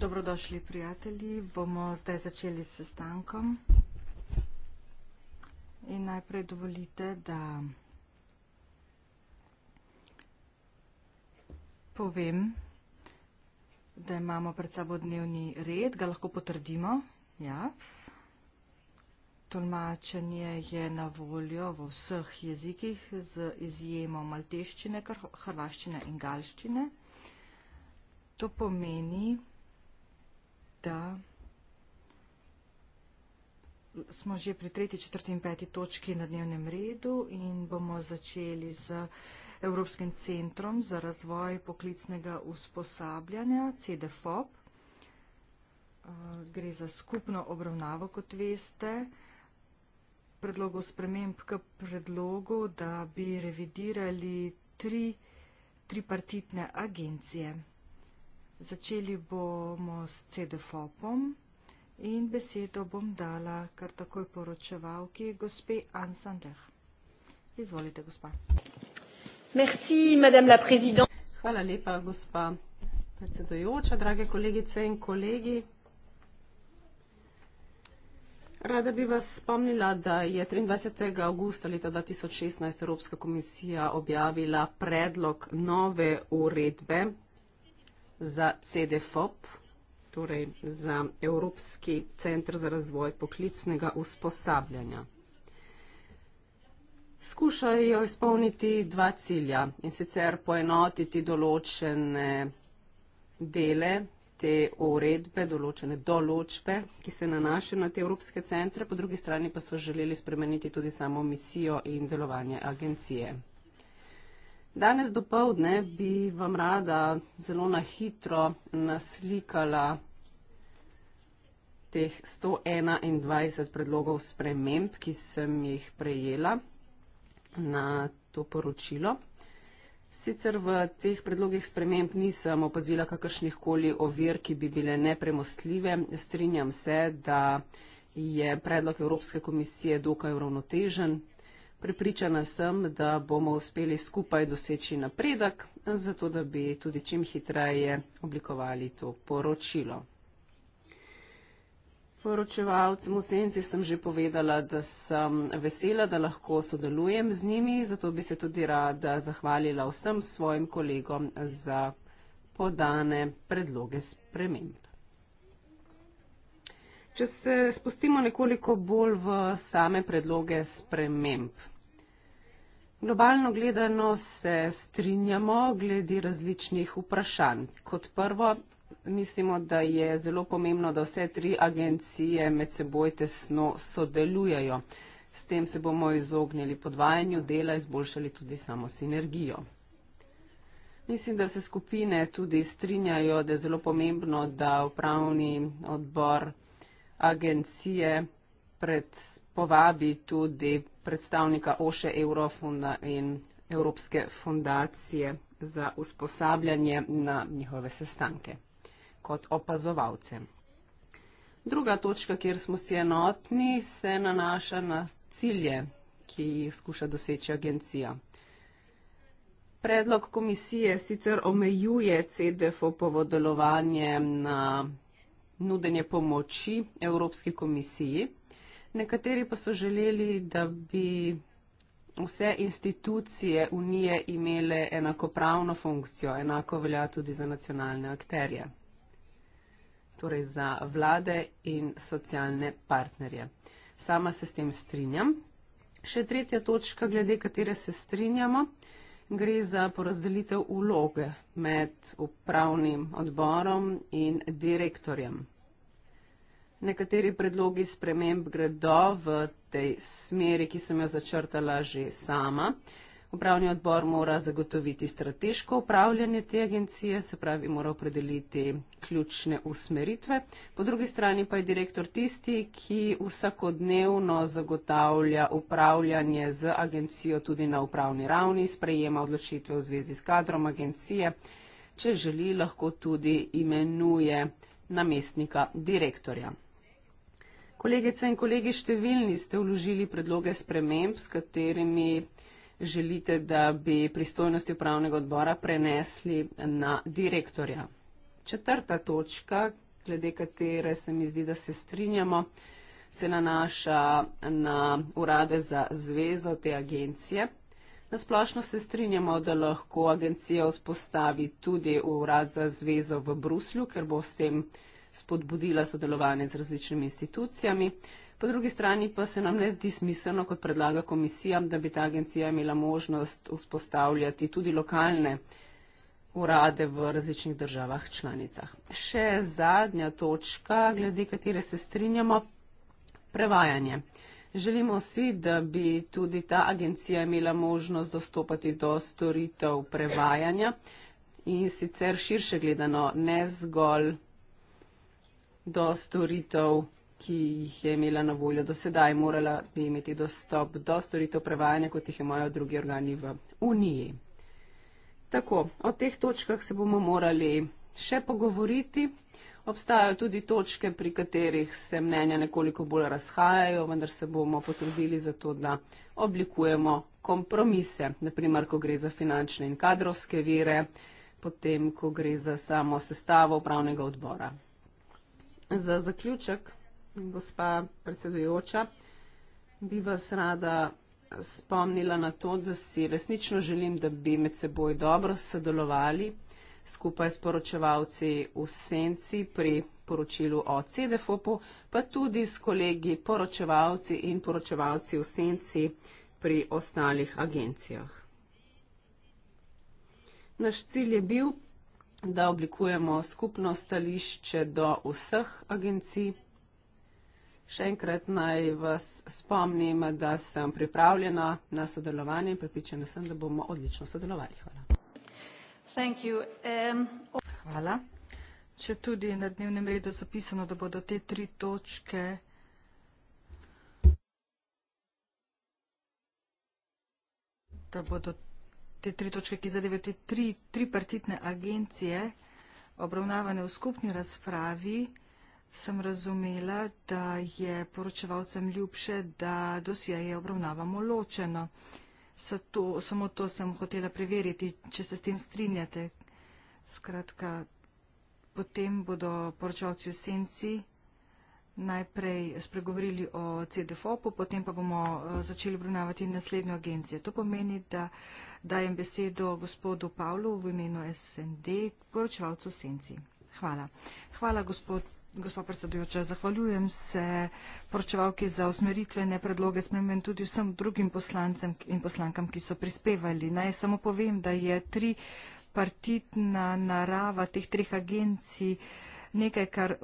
Dobrodošli, prijatelji. Bomo zdaj začeli s sestankom. In najprej dovolite, da povem, da imamo pred sabo dnevni red. Ga lahko potrdimo. Ja. Tolmačenje je na voljo v vseh jezikih z izjemo malteščine, hrvaščine in galščine to pomeni, da smo že pri tretji, četrti in peti točki na dnevnem redu in bomo začeli z Evropskim centrom za razvoj poklicnega usposabljanja CDFOP. Uh, gre za skupno obravnavo, kot veste, predlogov sprememb k predlogu, da bi revidirali tri, tri partitne agencije. Začeli bomo s CDFOP-om in besedo bom dala kar takoj poročevalki gospe Anne Sander. Izvolite, gospa. Merci, madame la président. Hvala lepa, gospa predsedujoča, drage kolegice in kolegi. Rada bi vas spomnila, da je 23. augusta leta 2016 Evropska komisija objavila predlog nove uredbe za CDFOP, torej za Evropski centr za razvoj poklicnega usposabljanja. Skušajo izpolniti dva cilja in sicer poenotiti določene dele te uredbe, določene določbe, ki se nanašajo na te evropske centre, po drugi strani pa so želeli spremeniti tudi samo misijo in delovanje agencije. Danes dopoledne bi vam rada zelo na hitro naslikala teh 121 predlogov sprememb, ki sem jih prejela na to poročilo. Sicer v teh predlogih sprememb nisem opazila kakršnih koli ovir, ki bi bile nepremostljive. Strinjam se, da je predlog Evropske komisije dokaj uravnotežen, Pripričana sem, da bomo uspeli skupaj doseči napredek, zato da bi tudi čim hitreje oblikovali to poročilo. Poročevalcem v senci sem že povedala, da sem vesela, da lahko sodelujem z njimi, zato bi se tudi rada zahvalila vsem svojim kolegom za podane predloge sprememb. Če se spustimo nekoliko bolj v same predloge sprememb. Globalno gledano se strinjamo glede različnih vprašanj. Kot prvo, mislimo, da je zelo pomembno, da vse tri agencije med seboj tesno sodelujejo. S tem se bomo izognili podvajanju dela, izboljšali tudi samo sinergijo. Mislim, da se skupine tudi strinjajo, da je zelo pomembno, da upravni odbor agencije pred povabi tudi predstavnika OŠE Eurofunda in Evropske fundacije za usposabljanje na njihove sestanke kot opazovalce. Druga točka, kjer smo si enotni, se nanaša na cilje, ki jih skuša doseči agencija. Predlog komisije sicer omejuje CDFO povodelovanje na nudenje pomoči Evropski komisiji. Nekateri pa so želeli, da bi vse institucije unije imele enakopravno funkcijo, enako velja tudi za nacionalne akterje, torej za vlade in socialne partnerje. Sama se s tem strinjam. Še tretja točka, glede katere se strinjamo, gre za porazdelitev vloge med upravnim odborom in direktorjem. Nekateri predlogi sprememb gredo v tej smeri, ki sem jo začrtala že sama. Upravni odbor mora zagotoviti strateško upravljanje te agencije, se pravi, mora opredeliti ključne usmeritve. Po drugi strani pa je direktor tisti, ki vsakodnevno zagotavlja upravljanje z agencijo tudi na upravni ravni, sprejema odločitve v zvezi s kadrom agencije, če želi, lahko tudi imenuje namestnika direktorja. Kolegice in kolegi, številni ste vložili predloge sprememb, s katerimi želite, da bi pristojnosti upravnega odbora prenesli na direktorja. Četrta točka, glede katere se mi zdi, da se strinjamo, se nanaša na urade za zvezo te agencije. Nasplošno se strinjamo, da lahko agencija vzpostavi tudi urad za zvezo v Bruslju, ker bo s tem spodbudila sodelovanje z različnimi institucijami. Po drugi strani pa se nam ne zdi smiselno, kot predlaga komisija, da bi ta agencija imela možnost vzpostavljati tudi lokalne urade v različnih državah članicah. Še zadnja točka, glede katere se strinjamo, prevajanje. Želimo si, da bi tudi ta agencija imela možnost dostopati do storitev prevajanja in sicer širše gledano, ne zgolj do storitev prevajanja ki jih je imela na voljo do sedaj, morala bi imeti dostop do storitev prevajanja, kot jih imajo drugi organi v Uniji. Tako, o teh točkah se bomo morali še pogovoriti. Obstajajo tudi točke, pri katerih se mnenja nekoliko bolj razhajajo, vendar se bomo potrudili za to, da oblikujemo kompromise. Naprimer, ko gre za finančne in kadrovske vire, potem, ko gre za samo sestavo upravnega odbora. Za zaključek Gospa predsedujoča, bi vas rada spomnila na to, da si resnično želim, da bi med seboj dobro sodelovali skupaj s poročevalci v Senci pri poročilu o CDFOP-u, pa tudi s kolegi poročevalci in poročevalci v Senci pri ostalih agencijah. Naš cilj je bil, da oblikujemo skupno stališče do vseh agencij, Še enkrat naj vas spomnim, da sem pripravljena na sodelovanje in prepričana sem, da bomo odlično sodelovali. Hvala. Um, Hvala. Če tudi na dnevnem redu zapisano, da bodo te tri točke da bodo te tri točke, ki zadevajo te tri tripartitne agencije, obravnavane v skupni razpravi, sem razumela, da je poročevalcem ljubše, da dosjeje obravnavamo ločeno. Sato, samo to sem hotela preveriti, če se s tem strinjate. Skratka, potem bodo poročevalci v senci najprej spregovorili o CDFOP-u, potem pa bomo eh, začeli obravnavati naslednjo agencijo. To pomeni, da dajem besedo gospodu Pavlu v imenu SND, poročevalcu v senci. Hvala. Hvala, gospod Gospod predsedujoča, zahvaljujem se poročevalki za usmeritvene predloge spremen tudi vsem drugim poslancem in poslankam, ki so prispevali. Naj samo povem, da je tri partitna narava teh treh agencij nekaj, kar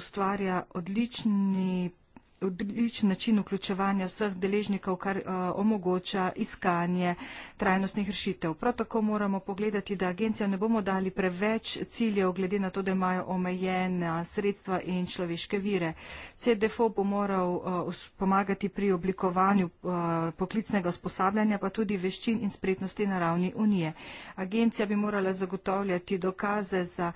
ustvarja odlični odličen način vključevanja vseh deležnikov, kar eh, omogoča iskanje trajnostnih rešitev. Prav tako moramo pogledati, da agencijo ne bomo dali preveč ciljev, glede na to, da imajo omejena sredstva in človeške vire. CDFO bo moral eh, pomagati pri oblikovanju eh, poklicnega usposabljanja, pa tudi veščin in spretnosti na ravni unije. Agencija bi morala zagotavljati dokaze za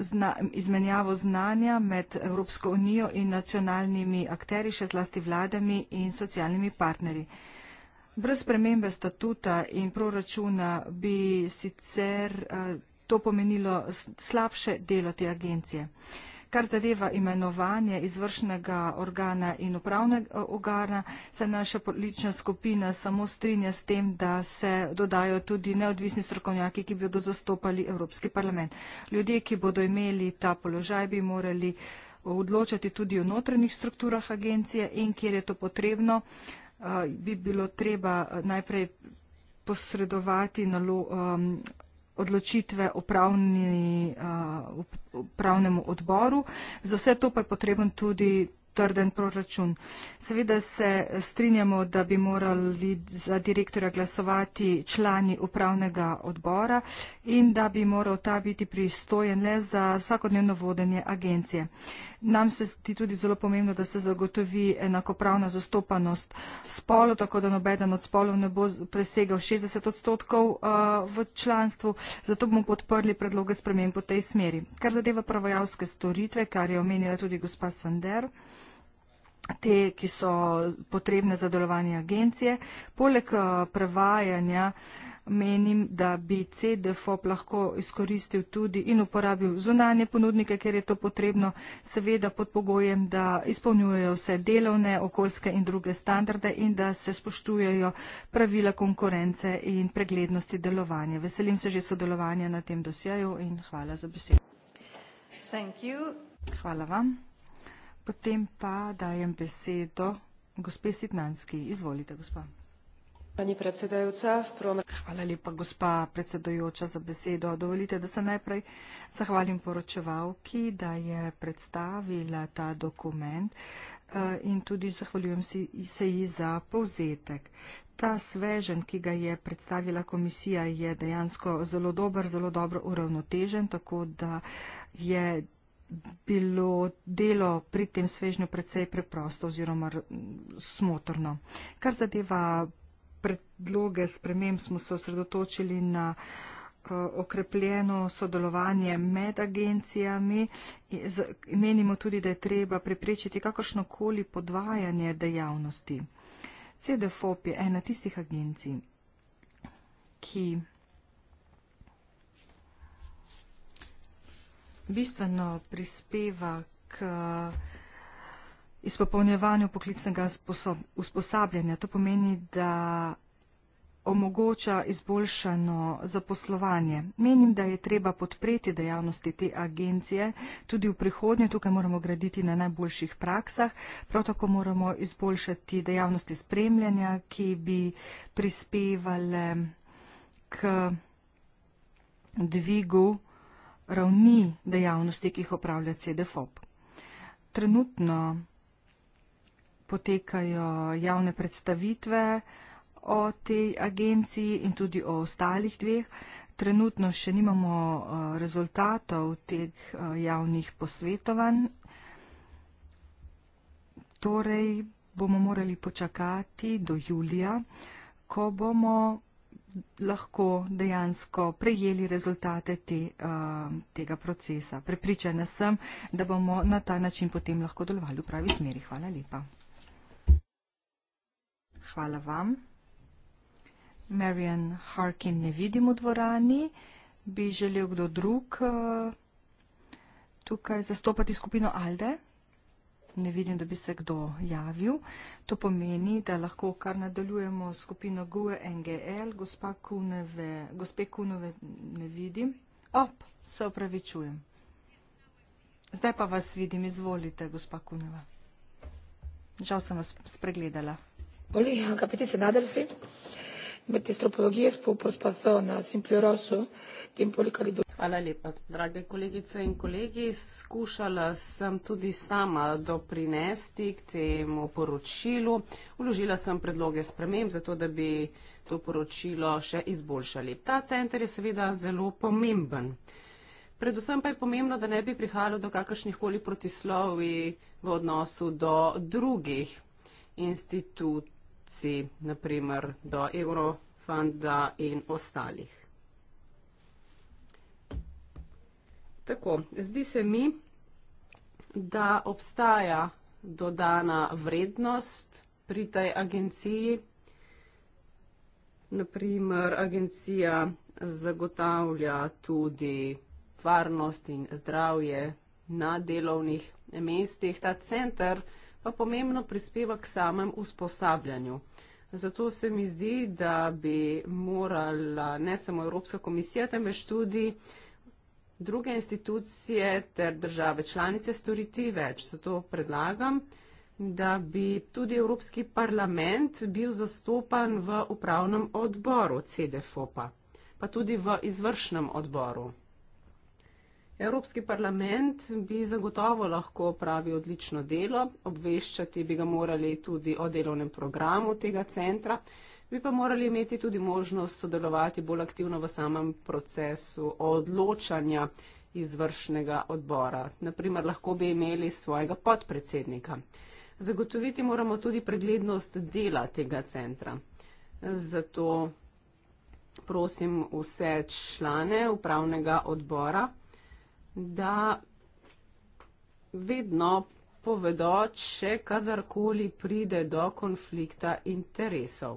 zna, izmenjavo znanja med Evropsko unijo in nacionalnimi akteri, še zlasti vladami in socialnimi partnerji. Brez spremembe statuta in proračuna bi sicer eh, to pomenilo slabše delo te agencije. Uh, Kar zadeva imenovanje izvršnega organa in upravnega eh, organa, se naša politična skupina samo strinja s tem, da se dodajo tudi neodvisni strokovnjaki, ki bodo zastopali Evropski parlament. Ljudje, ki bodo imeli ta položaj, bi morali eh, odločati tudi o notranjih strukturah agencije in kjer je to potrebno, eh, bi bilo treba najprej posredovati nalo, um, odločitve upravni, uh, eh, upravnemu odboru. Za vse to pa je potreben tudi trden proračun. Seveda se strinjamo, da bi morali za direktorja glasovati člani upravnega odbora in da bi moral ta biti pristojen le za vsakodnevno vodenje agencije. Uh, Nam se ti tudi zelo pomembno, da se zagotovi enakopravna zastopanost spolu, tako da nobeden od spolov ne bo presegal 60 odstotkov uh, v članstvu, zato bomo podprli predloge sprememb v tej smeri. Kar zadeva pravojavske storitve, kar je omenila tudi gospa Sander, te, ki so potrebne za delovanje agencije, poleg uh, prevajanja, menim, da bi CDFOP lahko izkoristil tudi in uporabil zunanje ponudnike, ker je to potrebno, seveda pod pogojem, da izpolnjujejo vse delovne, okoljske in druge standarde in da se spoštujejo pravila konkurence in preglednosti delovanja. Veselim se že sodelovanja na tem dosjeju in hvala za besedo. Hvala vam. Potem pa dajem besedo gospe Sitnanski. Izvolite, gospa. Hvala lepa, gospa predsedojoča, za besedo. Dovolite, da se najprej zahvalim poročevalki, da je predstavila ta dokument eh, in tudi zahvaljujem se ji za povzetek. Ta svežen, ki ga je predstavila komisija, je dejansko zelo dober, zelo dobro uravnotežen, tako da je bilo delo pri tem svežnju precej preprosto oziroma smotrno. Kar zadeva predloge sprememb smo se osredotočili na eh, okrepljeno sodelovanje med agencijami. Menimo tudi, da je treba preprečiti kakršnokoli podvajanje dejavnosti. CDFOP je ena tistih agencij, ki bistveno prispeva k uh, izpopolnjevanju poklicnega usposabljanja. To pomeni, da omogoča izboljšano zaposlovanje. Menim, da je treba podpreti dejavnosti te agencije tudi v prihodnje. Tukaj moramo graditi na najboljših praksah. Prav tako moramo izboljšati dejavnosti spremljanja, ki bi prispevale k dvigu ravni dejavnosti, ki jih opravlja CDFOP. Trenutno potekajo javne predstavitve o tej agenciji in tudi o ostalih dveh. Trenutno še nimamo eh, rezultatov teh eh, javnih posvetovanj. Torej bomo morali počakati do julija, ko bomo lahko dejansko prejeli rezultate te, eh, tega procesa. Prepričana sem, da bomo na ta način potem lahko delovali v pravi smeri. Hvala lepa. Hvala vam. Marian Harkin ne vidim v dvorani. Bi želel kdo drug eh, tukaj zastopati skupino Alde? Ne vidim, da bi se kdo javil. To pomeni, da lahko kar nadaljujemo skupino GUE NGL. Gospa Kuneve, gospe Kunove ne vidim. Op, se opravičujem. Zdaj pa vas vidim. Izvolite, gospa Kuneva. Žal sem vas spregledala voli el capítulo de Adelphi, metis tropologijas po prospazona simple rosso, tempo de calidad. Hvala lepa, drage kolegice in kolegi. Skušala sem tudi sama doprinesti k temu poročilu. Uložila sem predloge sprememb, zato da bi to poročilo še izboljšali. Ta center je seveda zelo pomemben. Predvsem pa je pomembno, da ne bi prihajalo do kakršnih koli protislovi v odnosu do drugih institutov korupciji, naprimer do Eurofonda in ostalih. Tako, zdi se mi, da obstaja dodana vrednost pri tej agenciji. Naprimer, agencija zagotavlja tudi varnost in zdravje na delovnih mestih. Ta center pa pomembno prispeva k samem usposabljanju. Zato se mi zdi, da bi morala ne samo Evropska komisija, temveč tudi druge institucije ter države članice storiti več. Zato predlagam, da bi tudi Evropski parlament bil zastopan v upravnem odboru CDFOPA, pa tudi v izvršnem odboru. Evropski parlament bi zagotovo lahko pravi odlično delo, obveščati bi ga morali tudi o delovnem programu tega centra, bi pa morali imeti tudi možnost sodelovati bolj aktivno v samem procesu odločanja izvršnega odbora. Naprimer, lahko bi imeli svojega podpredsednika. Zagotoviti moramo tudi preglednost dela tega centra. Zato prosim vse člane upravnega odbora, da vedno povedo, če kadarkoli pride do konflikta interesov.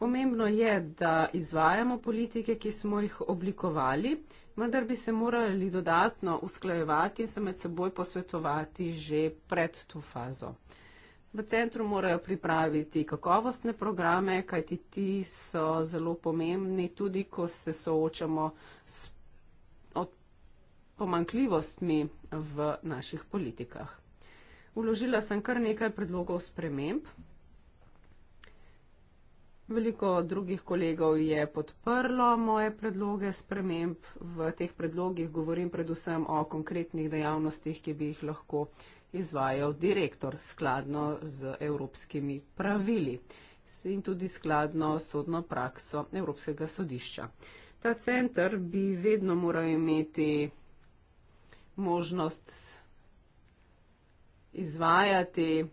Pomembno je, da izvajamo politike, ki smo jih oblikovali, vendar bi se morali dodatno usklajevati in se med seboj posvetovati že pred to fazo. V centru morajo pripraviti kakovostne programe, kajti ti so zelo pomembni, tudi ko se soočamo s pomankljivostmi v naših politikah. Uložila sem kar nekaj predlogov sprememb. Veliko drugih kolegov je podprlo moje predloge sprememb. V teh predlogih govorim predvsem o konkretnih dejavnostih, ki bi jih lahko izvajal direktor skladno z evropskimi pravili in tudi skladno sodno prakso Evropskega sodišča. Ta center bi vedno moral imeti možnost izvajati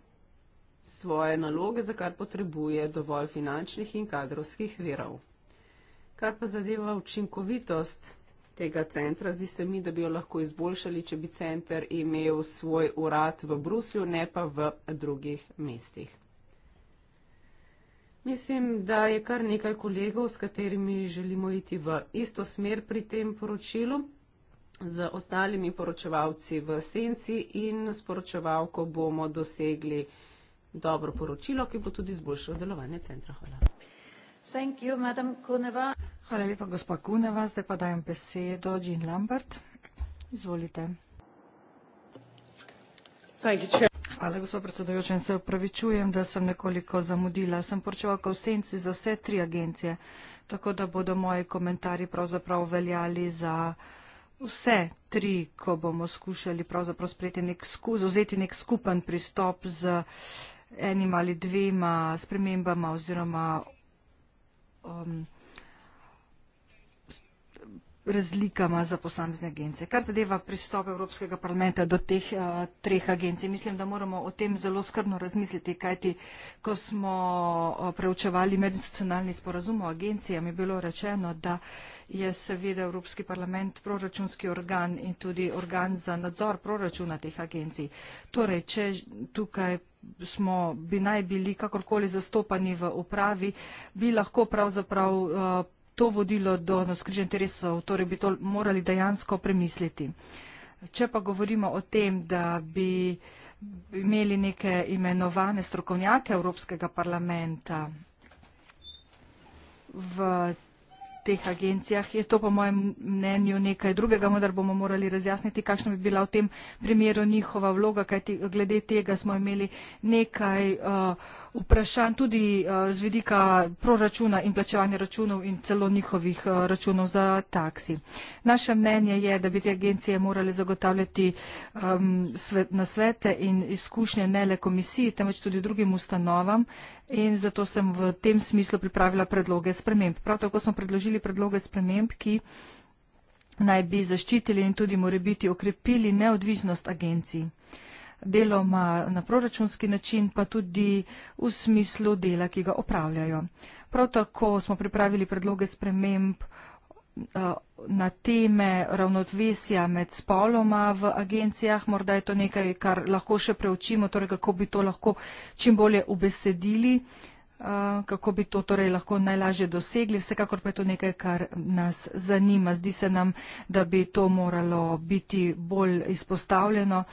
svoje naloge, za kar potrebuje dovolj finančnih in kadrovskih verov. Kar pa zadeva učinkovitost tega centra, zdi se mi, da bi jo lahko izboljšali, če bi center imel svoj urad v Bruslju, ne pa v drugih mestih. Mislim, da je kar nekaj kolegov, s katerimi želimo iti v isto smer pri tem poročilu z ostalimi poročevalci v senci in s poročevalko bomo dosegli dobro poročilo, ki bo tudi izboljšalo delovanje centra. Hvala. Thank you, madam Kuneva. Hvala lepa, gospa Kuneva. Zdaj pa dajem besedo Jean Lambert. Izvolite. Thank you, chair. Hvala, gospod predsedujoči, in se upravičujem, da sem nekoliko zamudila. Sem poročevalka v senci za vse tri agencije, tako da bodo moji komentarji pravzaprav veljali za uh, vse tri, ko bomo skušali pravzaprav sprejeti nek, vzeti nek skupen pristop z enim ali dvema spremembama oziroma um, razlikama za posamezne agencije. Kar zadeva pristop Evropskega parlamenta do teh uh, treh agencij, mislim, da moramo o tem zelo skrbno razmisliti, kajti ko smo uh, preučevali medinstitucionalni sporazum o agencijami, je bilo rečeno, da je seveda Evropski parlament proračunski organ in tudi organ za nadzor proračuna teh agencij. Torej, če tukaj smo, bi naj bili kakorkoli zastopani v upravi, bi lahko pravzaprav uh, to vodilo do skrižnih interesov, torej bi to morali dejansko premisliti. Če pa govorimo o tem, da bi imeli neke imenovane strokovnjake Evropskega parlamenta v teh agencijah, je to po mojem mnenju nekaj drugega, vendar bomo morali razjasniti, kakšna bi bila v tem primeru njihova vloga, kajti glede tega smo imeli nekaj. Uh, vprašanj tudi eh, z vidika proračuna in plačevanja računov in celo njihovih eh, računov za taksi. Naše mnenje je, da bi te agencije morali zagotavljati ehm, na svete in izkušnje ne le komisiji, temveč tudi drugim ustanovam in zato sem v tem smislu pripravila predloge sprememb. Prav tako smo predložili predloge sprememb, ki naj bi zaščitili in tudi morebiti okrepili neodvisnost agencij deloma na proračunski način, pa tudi v smislu dela, ki ga opravljajo. Prav tako smo pripravili predloge sprememb eh, na teme ravnotvesja med spoloma v agencijah. Morda je to nekaj, kar lahko še preučimo, torej kako bi to lahko čim bolje ubesedili, eh, kako bi to torej lahko najlažje dosegli. Vsekakor pa je to nekaj, kar nas zanima. Zdi se nam, da bi to moralo biti bolj izpostavljeno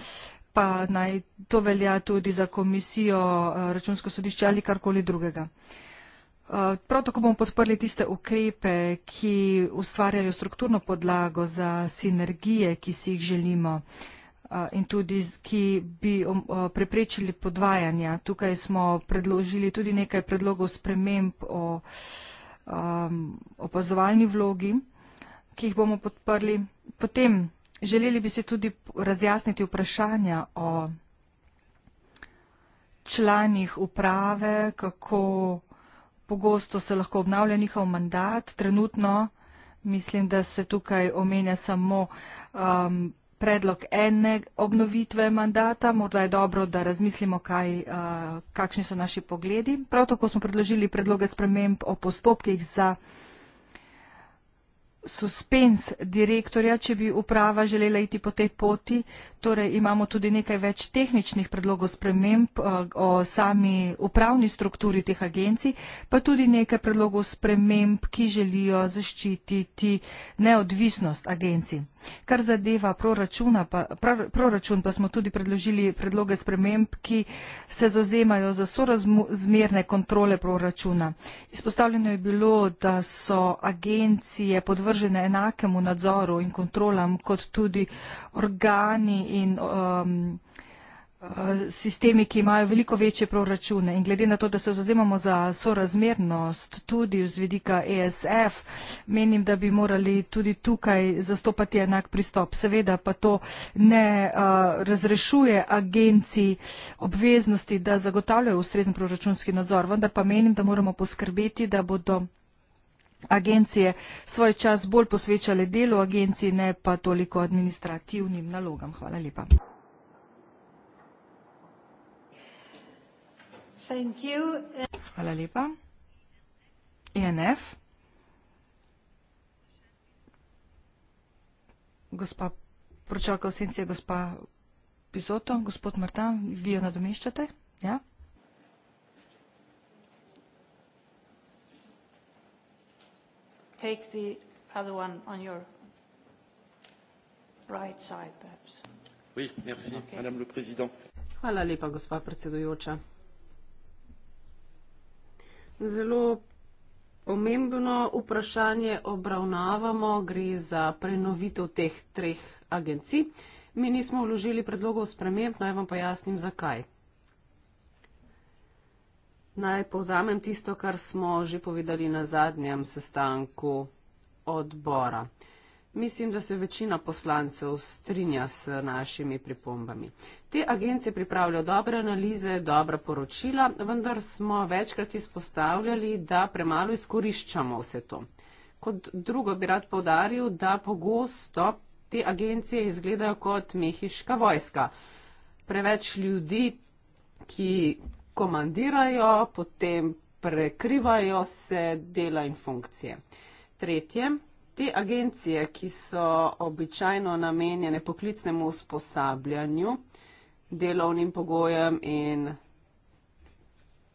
pa naj to velja tudi za komisijo, eh, računsko sodišče ali karkoli drugega. Eh, prav tako bomo podprli tiste ukrepe, ki ustvarjajo strukturno podlago za sinergije, ki si jih želimo eh, in tudi, ki bi preprečili podvajanja. Tukaj smo predložili tudi nekaj predlogov sprememb o opazovalni vlogi, ki jih bomo podprli. Potem Želeli bi se tudi razjasniti vprašanja o članih uprave, kako pogosto se lahko obnavlja njihov mandat. Trenutno mislim, da se tukaj omenja samo um, predlog ene obnovitve mandata. Morda je dobro, da razmislimo, kaj, uh, kakšni so naši pogledi. Prav tako smo predložili predloge sprememb o postopkih za suspens direktorja, če bi uprava želela iti po tej poti. Torej imamo tudi nekaj več tehničnih predlogov sprememb eh, o sami upravni strukturi teh agencij, pa tudi nekaj predlogov sprememb, ki želijo zaščititi neodvisnost agencij. Kar zadeva proračuna, pa, prar, proračun, pa smo tudi predložili predloge sprememb, ki se zozemajo za sorazmerne kontrole proračuna. Izpostavljeno je bilo, da so agencije podvrženi podvržene enakemu nadzoru in kontrolam kot tudi organi in um, eh, sistemi, ki imajo veliko večje proračune. In glede na to, da se zazemamo za sorazmernost tudi z vidika ESF, menim, da bi morali tudi tukaj zastopati enak pristop. Seveda pa to ne uh, razrešuje agenciji obveznosti, da zagotavljajo ustrezen proračunski nadzor, vendar pa menim, da moramo poskrbeti, da bodo agencije svoj čas bolj posvečale delu agencij, ne pa toliko administrativnim nalogam. Hvala lepa. Hvala lepa. ENF. Gospa pročevalka osencije, gospa Pizoto, gospod Mrta, vi jo nadomeščate? Ja? Hvala lepa. take the other one on your right side, perhaps. Oui, merci, okay. Madame le Président. Hvala lepa, gospa predsedujoča. Zelo pomembno vprašanje obravnavamo, gre za prenovitev teh treh agencij. Mi nismo vložili predlogov sprememb, naj vam pa jasnim, zakaj. Naj povzamem tisto, kar smo že povedali na zadnjem sestanku odbora. Mislim, da se večina poslancev strinja s našimi pripombami. Te agencije pripravljajo dobre analize, dobra poročila, vendar smo večkrat izpostavljali, da premalo izkoriščamo vse to. Kot drugo bi rad povdaril, da pogosto te agencije izgledajo kot mehiška vojska. Preveč ljudi, ki komandirajo, potem prekrivajo se dela in funkcije. Tretje, te agencije, ki so običajno namenjene poklicnemu usposabljanju, delovnim pogojem in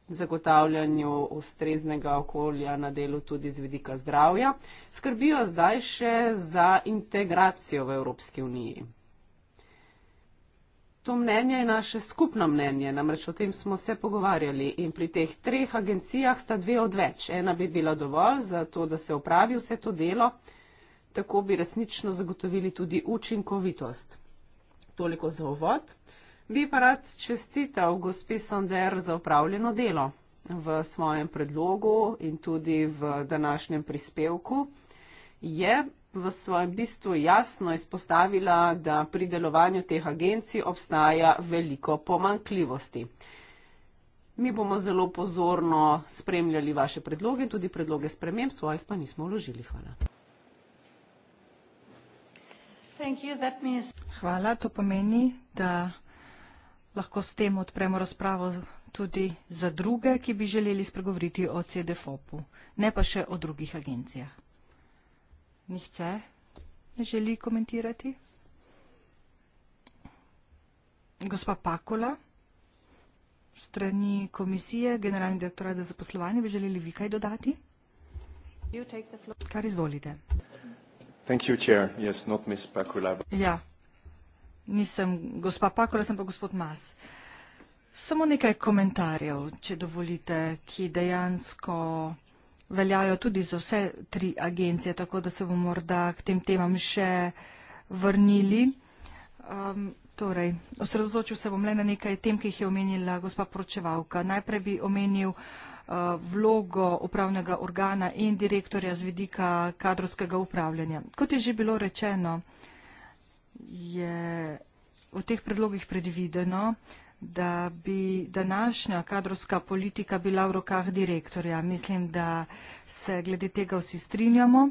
zagotavljanju ustreznega okolja na delu tudi z vidika zdravja, skrbijo zdaj še za integracijo v Evropski uniji. To mnenje je naše skupno mnenje, namreč o tem smo se pogovarjali in pri teh treh agencijah sta dve odveč. Ena bi bila dovolj za to, da se opravi vse to delo, tako bi resnično zagotovili tudi učinkovitost. Toliko za uvod. Bi pa rad čestital gospi Sander za opravljeno delo v svojem predlogu in tudi v današnjem prispevku. Je v svojem bistvu jasno izpostavila, da pri delovanju teh agencij obstaja veliko pomankljivosti. Mi bomo zelo pozorno spremljali vaše predloge, tudi predloge sprememb, svojih pa nismo vložili. Hvala. Hvala, to pomeni, da lahko s tem odpremo razpravo tudi za druge, ki bi želeli spregovoriti o CDFOP-u, ne pa še o drugih agencijah. Nihče ne želi komentirati. Gospa Pakula, strani komisije, generalni direktorat za zaposlovanje, bi želeli vi kaj dodati? Kar izvolite. You, yes, Pakula, but... Ja, nisem gospa Pakula, sem pa gospod Mas. Samo nekaj komentarjev, če dovolite, ki dejansko veljajo tudi za vse tri agencije, tako da se bomo morda k tem temam še vrnili. Um, torej, osredotočil se bom le na nekaj tem, ki jih je omenila gospa poročevalka. Najprej bi omenil uh, vlogo upravnega organa in direktorja z vidika kadrovskega upravljanja. Kot je že bilo rečeno, je v teh predlogih predvideno, da bi današnja kadrovska politika bila v rokah direktorja. Mislim, da se glede tega vsi strinjamo.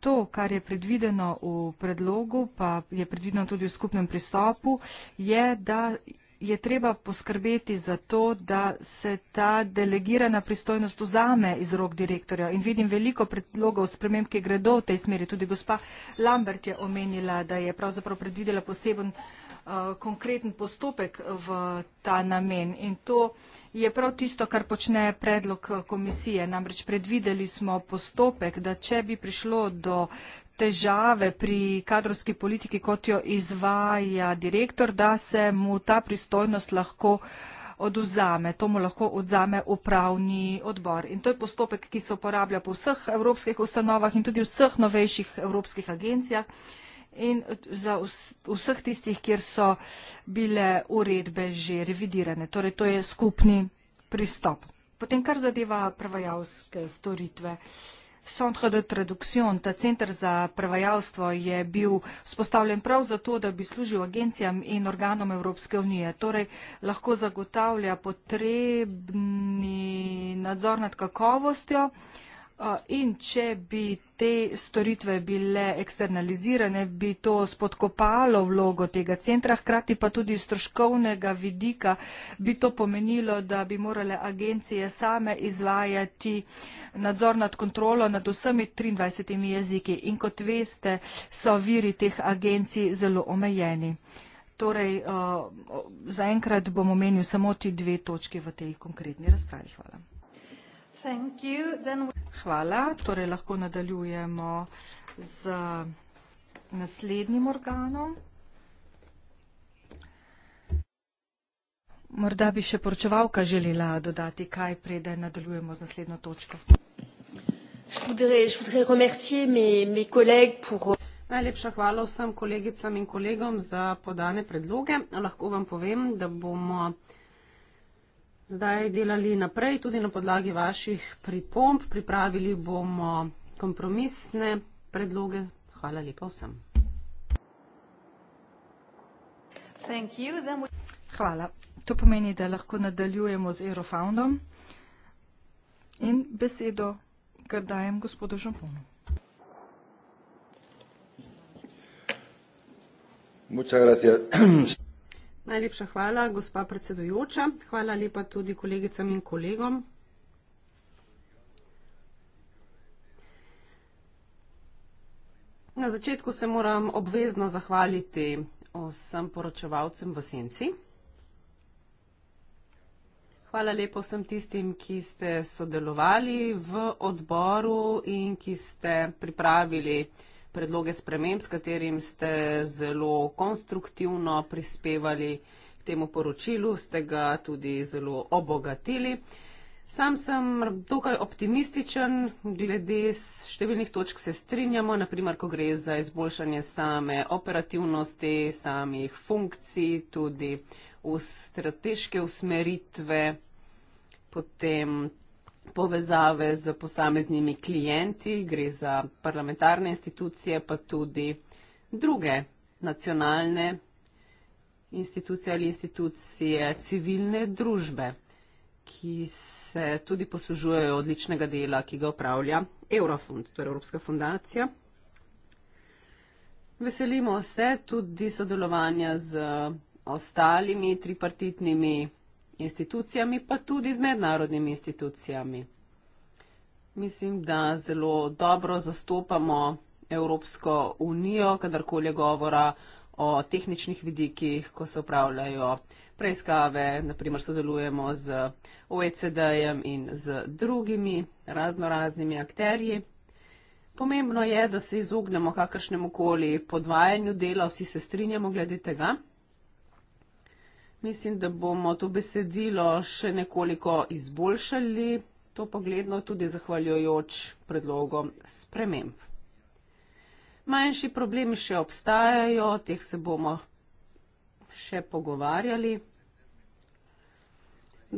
To, kar je predvideno v predlogu, pa je predvideno tudi v skupnem pristopu, je, da je treba poskrbeti za to, da se ta delegirana pristojnost vzame iz rok direktorja. In vidim veliko predlogov sprememb, ki gredo v tej smeri. Tudi gospa Lambert je omenila, da je pravzaprav predvidela poseben Eh, konkreten postopek v ta namen. In to je prav tisto, kar počne predlog eh, komisije. Namreč predvideli smo postopek, da če bi prišlo do težave pri kadrovski politiki, kot jo izvaja direktor, da se mu ta pristojnost lahko oduzame, to mu lahko odzame upravni odbor. In to je postopek, ki se uporablja po vseh evropskih ustanovah in tudi vseh novejših evropskih agencijah. Uh, in za vseh tistih, kjer so bile uredbe že revidirane. Torej, to je skupni pristop. Potem, kar zadeva prevajalske storitve. Centre de traduction, ta centr za prevajalstvo je bil spostavljen prav zato, da bi služil agencijam in organom Evropske unije. Torej, lahko zagotavlja potrebni nadzor nad kakovostjo. In če bi te storitve bile eksternalizirane, bi to spodkopalo vlogo tega centra, hkrati pa tudi iz stroškovnega vidika bi to pomenilo, da bi morale agencije same izvajati nadzor nad kontrolo nad vsemi 23 jeziki. In kot veste, so viri teh agencij zelo omejeni. Torej, zaenkrat bom omenil samo ti dve točki v tej konkretni razpravi. Hvala. Hvala. Torej lahko nadaljujemo z naslednjim organom. Morda bi še poročevalka želela dodati kaj, preden nadaljujemo z naslednjo točko. Euh, Najlepša hvala vsem kolegicam in kolegom za podane predloge. Lahko vam povem, da bomo zdaj delali naprej, tudi na podlagi vaših pripomb. Pripravili bomo kompromisne predloge. Hvala lepa vsem. Hvala. To pomeni, da lahko nadaljujemo z Eurofoundom in besedo, kar dajem gospodu Žamponu. Muchas gracias. Najlepša hvala, gospa predsedujoča. Hvala lepa tudi kolegicam in kolegom. Na začetku se moram obvezno zahvaliti vsem poročevalcem v Senci. Hvala lepo vsem tistim, ki ste sodelovali v odboru in ki ste pripravili odboru predloge sprememb, s katerim ste zelo konstruktivno prispevali k temu poročilu, ste ga tudi zelo obogatili. Sam sem dokaj optimističen, glede številnih točk se strinjamo, naprimer, ko gre za izboljšanje same operativnosti, samih funkcij, tudi v strateške usmeritve, potem povezave z posameznimi klienti, gre za parlamentarne institucije, pa tudi druge nacionalne institucije ali institucije civilne družbe, ki se tudi poslužujejo odličnega dela, ki ga upravlja Eurofund, torej Evropska fundacija. Veselimo se tudi sodelovanja z ostalimi tripartitnimi institucijami, pa tudi z mednarodnimi institucijami. Mislim, da zelo dobro zastopamo Evropsko unijo, kadarkoli je govora o tehničnih vidikih, ko se upravljajo preiskave, naprimer sodelujemo z OECD-jem in z drugimi raznoraznimi akterji. Pomembno je, da se izognemo kakršnemu koli podvajanju dela, vsi se strinjamo glede tega. Mislim, da bomo to besedilo še nekoliko izboljšali, to pogledno tudi zahvaljujoč predlogom sprememb. Manjši problemi še obstajajo, o teh se bomo še pogovarjali.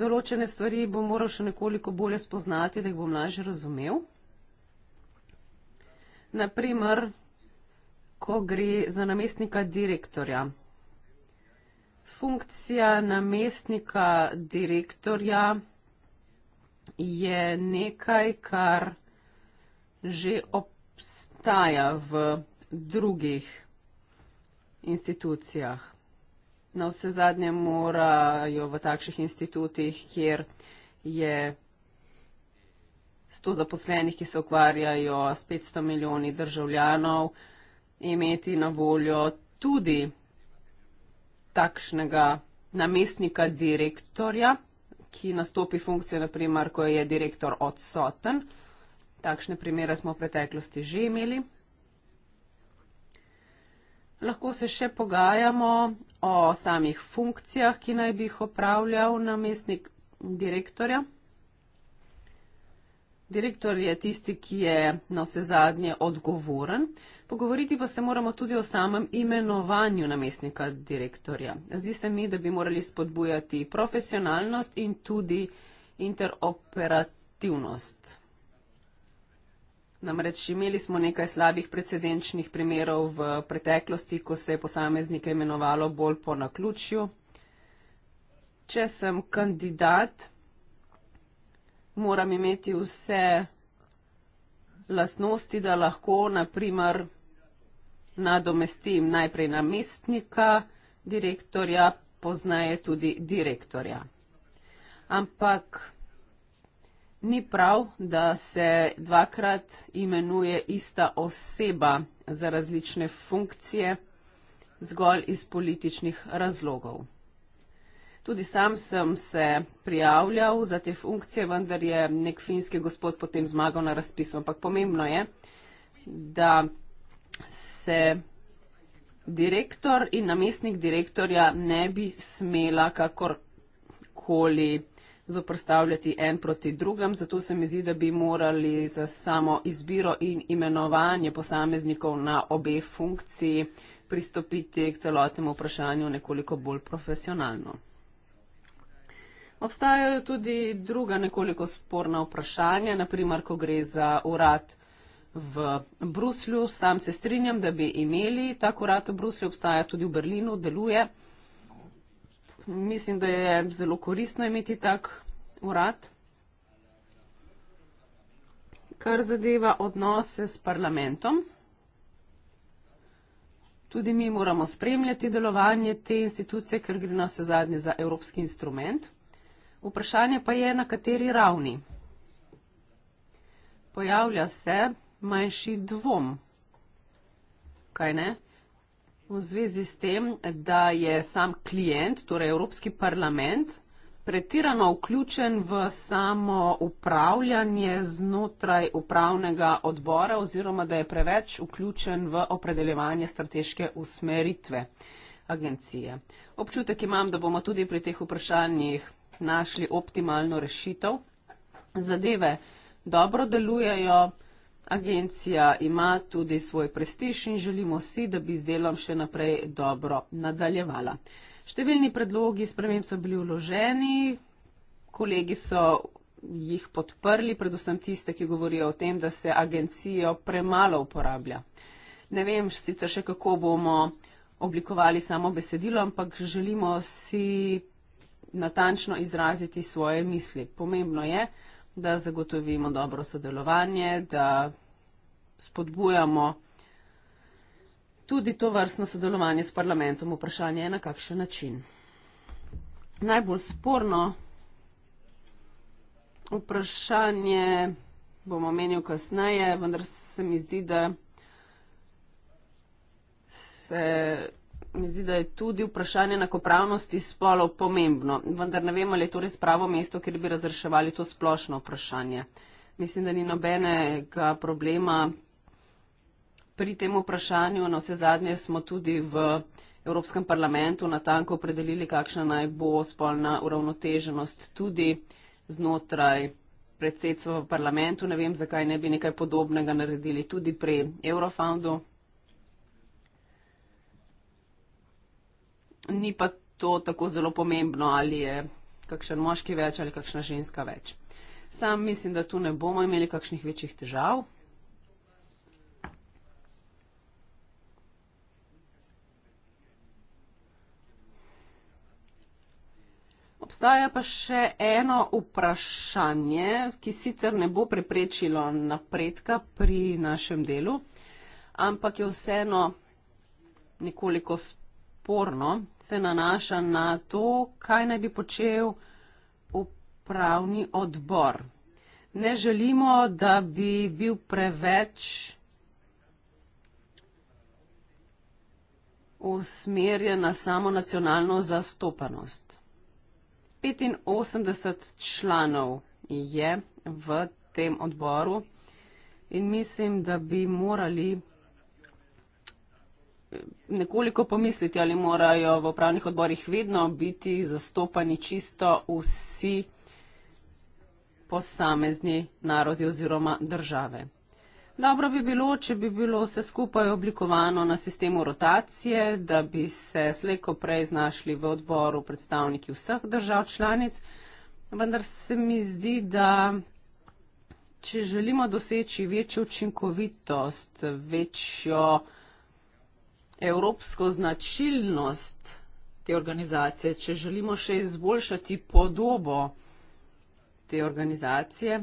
Določene stvari bom moral še nekoliko bolje spoznati, da jih bom lažje razumel. Naprimer, ko gre za namestnika direktorja funkcija namestnika direktorja je nekaj, kar že obstaja v drugih institucijah. Na vse zadnje morajo v takšnih institutih, kjer je sto zaposlenih, ki se ukvarjajo s 500 milijoni državljanov, imeti na voljo tudi takšnega namestnika direktorja, ki nastopi funkcijo, naprimer, ko je direktor odsoten. Takšne primere smo v preteklosti že imeli. Lahko se še pogajamo o samih funkcijah, ki naj bi jih opravljal namestnik direktorja. Direktor je tisti, ki je na vse zadnje odgovoren. Pogovoriti pa se moramo tudi o samem imenovanju namestnika direktorja. Zdi se mi, da bi morali spodbujati profesionalnost in tudi interoperativnost. Namreč imeli smo nekaj slabih precedenčnih primerov v preteklosti, ko se je posameznike imenovalo bolj po naključju. Če sem kandidat, moram imeti vse lasnosti, da lahko, naprimer, nadomestim najprej namestnika direktorja, poznaje tudi direktorja. Ampak ni prav, da se dvakrat imenuje ista oseba za različne funkcije zgolj iz političnih razlogov. Tudi sam sem se prijavljal za te funkcije, vendar je nek finski gospod potem zmagal na razpisu. Ampak pomembno je, da se direktor in namestnik direktorja ne bi smela kakorkoli zoprstavljati en proti drugem, zato se mi zdi, da bi morali za samo izbiro in imenovanje posameznikov na obe funkciji pristopiti k celotnemu vprašanju nekoliko bolj profesionalno. Obstajajo tudi druga nekoliko sporna vprašanja, naprimer, ko gre za urad v Bruslju. Sam se strinjam, da bi imeli tak urad v Bruslju, obstaja tudi v Berlinu, deluje. Mislim, da je zelo koristno imeti tak urad. Kar zadeva odnose s parlamentom, tudi mi moramo spremljati delovanje te institucije, ker gre na vse zadnje za evropski instrument. Vprašanje pa je, na kateri ravni. Pojavlja se manjši dvom. Kaj ne? V zvezi s tem, da je sam klient, torej Evropski parlament, pretirano vključen v samo upravljanje znotraj upravnega odbora oziroma da je preveč vključen v opredeljevanje strateške usmeritve agencije. Občutek imam, da bomo tudi pri teh vprašanjih našli optimalno rešitev. Zadeve dobro delujejo. Agencija ima tudi svoj prestiž in želimo si, da bi z delom še naprej dobro nadaljevala. Številni predlogi sprememb so bili vloženi, kolegi so jih podprli, predvsem tiste, ki govorijo o tem, da se agencijo premalo uporablja. Ne vem sicer še, kako bomo oblikovali samo besedilo, ampak želimo si natančno izraziti svoje misli. Pomembno je, da zagotovimo dobro sodelovanje, da spodbujamo tudi to vrstno sodelovanje s parlamentom. Vprašanje je na kakšen način. Najbolj sporno vprašanje bom omenil kasneje, vendar se mi zdi, da se mi zdi, da je tudi vprašanje enakopravnosti spolov pomembno. Vendar ne vemo, ali je to res pravo mesto, kjer bi razreševali to splošno vprašanje. Mislim, da ni nobenega problema pri tem vprašanju. Na vse zadnje smo tudi v Evropskem parlamentu natanko opredelili, kakšna naj bo spolna uravnoteženost tudi znotraj predsedstva v parlamentu. Ne vem, zakaj ne bi nekaj podobnega naredili tudi pri Eurofoundu. ni pa to tako zelo pomembno, ali je kakšen moški več ali kakšna ženska več. Sam mislim, da tu ne bomo imeli kakšnih večjih težav. Obstaja pa še eno vprašanje, ki sicer ne bo preprečilo napredka pri našem delu, ampak je vseeno nekoliko spremljeno sporno, se nanaša na to, kaj naj bi počel upravni odbor. Ne želimo, da bi bil preveč usmerjen na samo nacionalno zastopanost. 85 članov je v tem odboru in mislim, da bi morali nekoliko pomisliti, ali morajo v upravnih odborih vedno biti zastopani čisto vsi posamezni narodi oziroma države. Dobro bi bilo, če bi bilo vse skupaj oblikovano na sistemu rotacije, da bi se slejko prej znašli v odboru predstavniki vseh držav članic, vendar se mi zdi, da če želimo doseči večjo učinkovitost, večjo evropsko značilnost te organizacije, če želimo še izboljšati podobo te organizacije.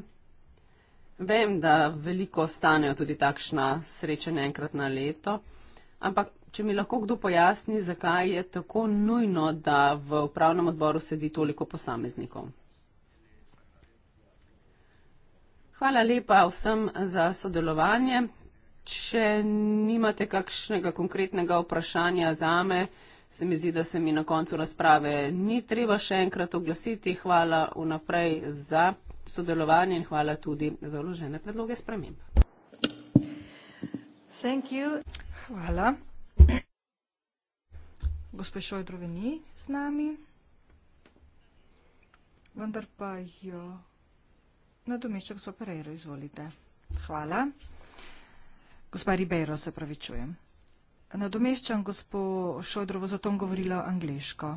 Vem, da veliko stanejo tudi takšna srečanja enkrat na leto, ampak če mi lahko kdo pojasni, zakaj je tako nujno, da v upravnem odboru sedi toliko posameznikov. Hvala lepa vsem za sodelovanje če nimate kakšnega konkretnega vprašanja za me, se mi zdi, da se mi na koncu razprave ni treba še enkrat oglasiti. Hvala vnaprej za sodelovanje in hvala tudi za vložene predloge sprememb. Hvala. Gospe Šojdrove ni z nami, vendar pa jo nadomešča gospa Pereira. Izvolite. Hvala. Gospa Ribeiro, se pravi, čujem. Nadomeščam gospo Šodrovo, zato bom govorila angliško.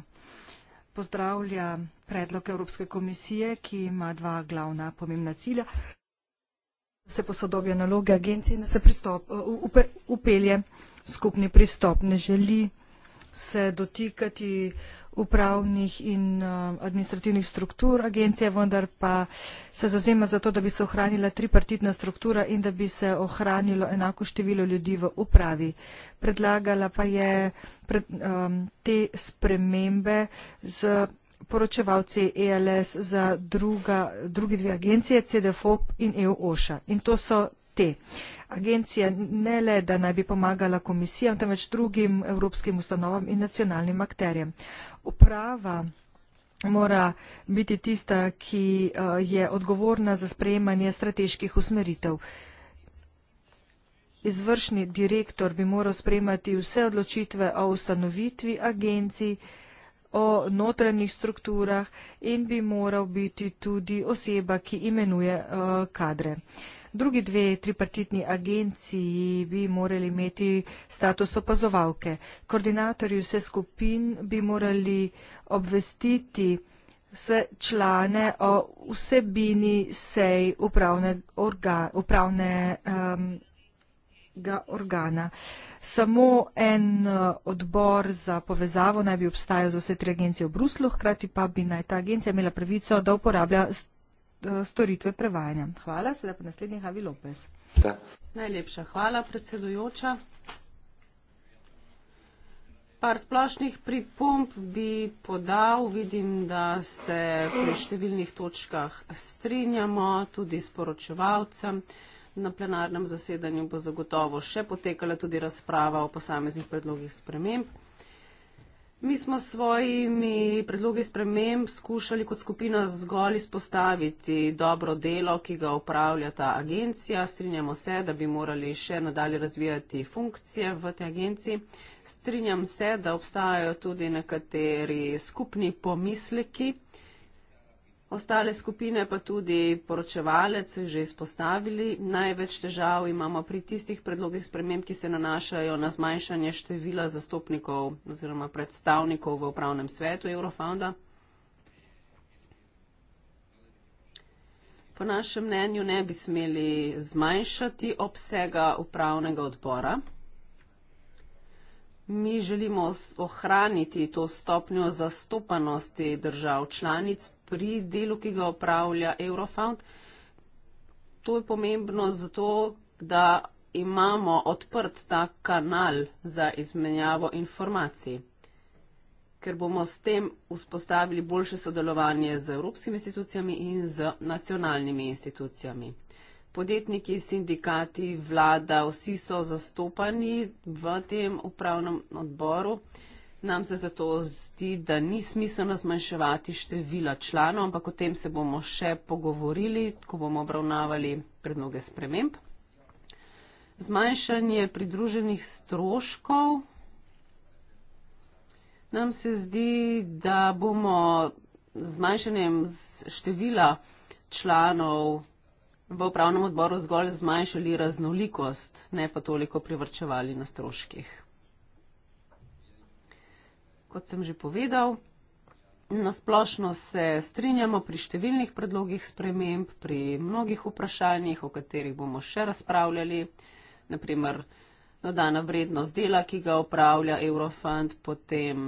Pozdravlja predlog Evropske komisije, ki ima dva glavna pomembna cilja. Se posodobijo naloge agencij in se pristop, eh, upe, upelje skupni pristop. Ne želi se dotikati upravnih in eh, administrativnih struktur agencije, vendar pa se zazema za to, da bi se ohranila tripartitna struktura in da bi se ohranilo enako število ljudi v upravi. Predlagala pa je te spremembe z poročevalci ELS za drugi dve agencije, CDFOP in EUOŠA. In to so te. Agencija ne le, da naj bi pomagala komisijam, temveč drugim evropskim ustanovam in nacionalnim akterjem. Uprava mora biti tista, ki eh, je odgovorna za sprejemanje strateških usmeritev. Izvršni direktor bi moral sprejemati vse odločitve o ustanovitvi agencij, o notranjih strukturah in bi moral biti tudi oseba, ki imenuje eh, kadre. Drugi dve tripartitni agenciji bi morali imeti status opazovalke. Koordinatorji vse skupin bi morali obvestiti vse člane o vsebini sej upravne organ, upravne, um, ga organa. Samo en uh, odbor za povezavo naj bi obstajal za vse tri agencije v Bruslu, hkrati pa bi naj ta agencija imela pravico, da uporablja Eh, storitve prevajanja. Hvala, sedaj pa naslednji Javi Lopez. Da. Najlepša hvala, predsedujoča. Par splošnih pripomp bi podal. Vidim, da se pri številnih točkah strinjamo, tudi s poročevalcem. Na plenarnem zasedanju bo zagotovo še potekala tudi razprava o posameznih predlogih sprememb. Mi smo s svojimi predlogi sprememb skušali kot skupina zgolj izpostaviti dobro delo, ki ga upravlja ta agencija. Strinjamo se, da bi morali še nadalje razvijati funkcije v tej agenciji. Strinjam se, da obstajajo tudi nekateri skupni pomisleki. Ostale skupine pa tudi poročevalec že izpostavili. Največ težav imamo pri tistih predlogih sprememb, ki se nanašajo na zmanjšanje števila zastopnikov oziroma predstavnikov v upravnem svetu Eurofonda. Po našem mnenju ne bi smeli zmanjšati obsega upravnega odbora. Mi želimo ohraniti to stopnjo zastopanosti držav članic pri delu, ki ga upravlja Eurofound. To je pomembno zato, da imamo odprt ta kanal za izmenjavo informacij, ker bomo s tem vzpostavili boljše sodelovanje z evropskimi institucijami in z nacionalnimi institucijami. Podjetniki, sindikati, vlada, vsi so zastopani v tem upravnem odboru. Nam se zato zdi, da ni smiselno zmanjševati števila članov, ampak o tem se bomo še pogovorili, ko bomo obravnavali predloge sprememb. Zmanjšanje pridruženih stroškov. Nam se zdi, da bomo z zmanjšanjem števila članov v upravnem odboru zgolj zmanjšali raznolikost, ne pa toliko privrčevali na stroških kot sem že povedal. Nasplošno se strinjamo pri številnih predlogih sprememb, pri mnogih vprašanjih, o katerih bomo še razpravljali, naprimer dodana vrednost dela, ki ga upravlja Eurofund, potem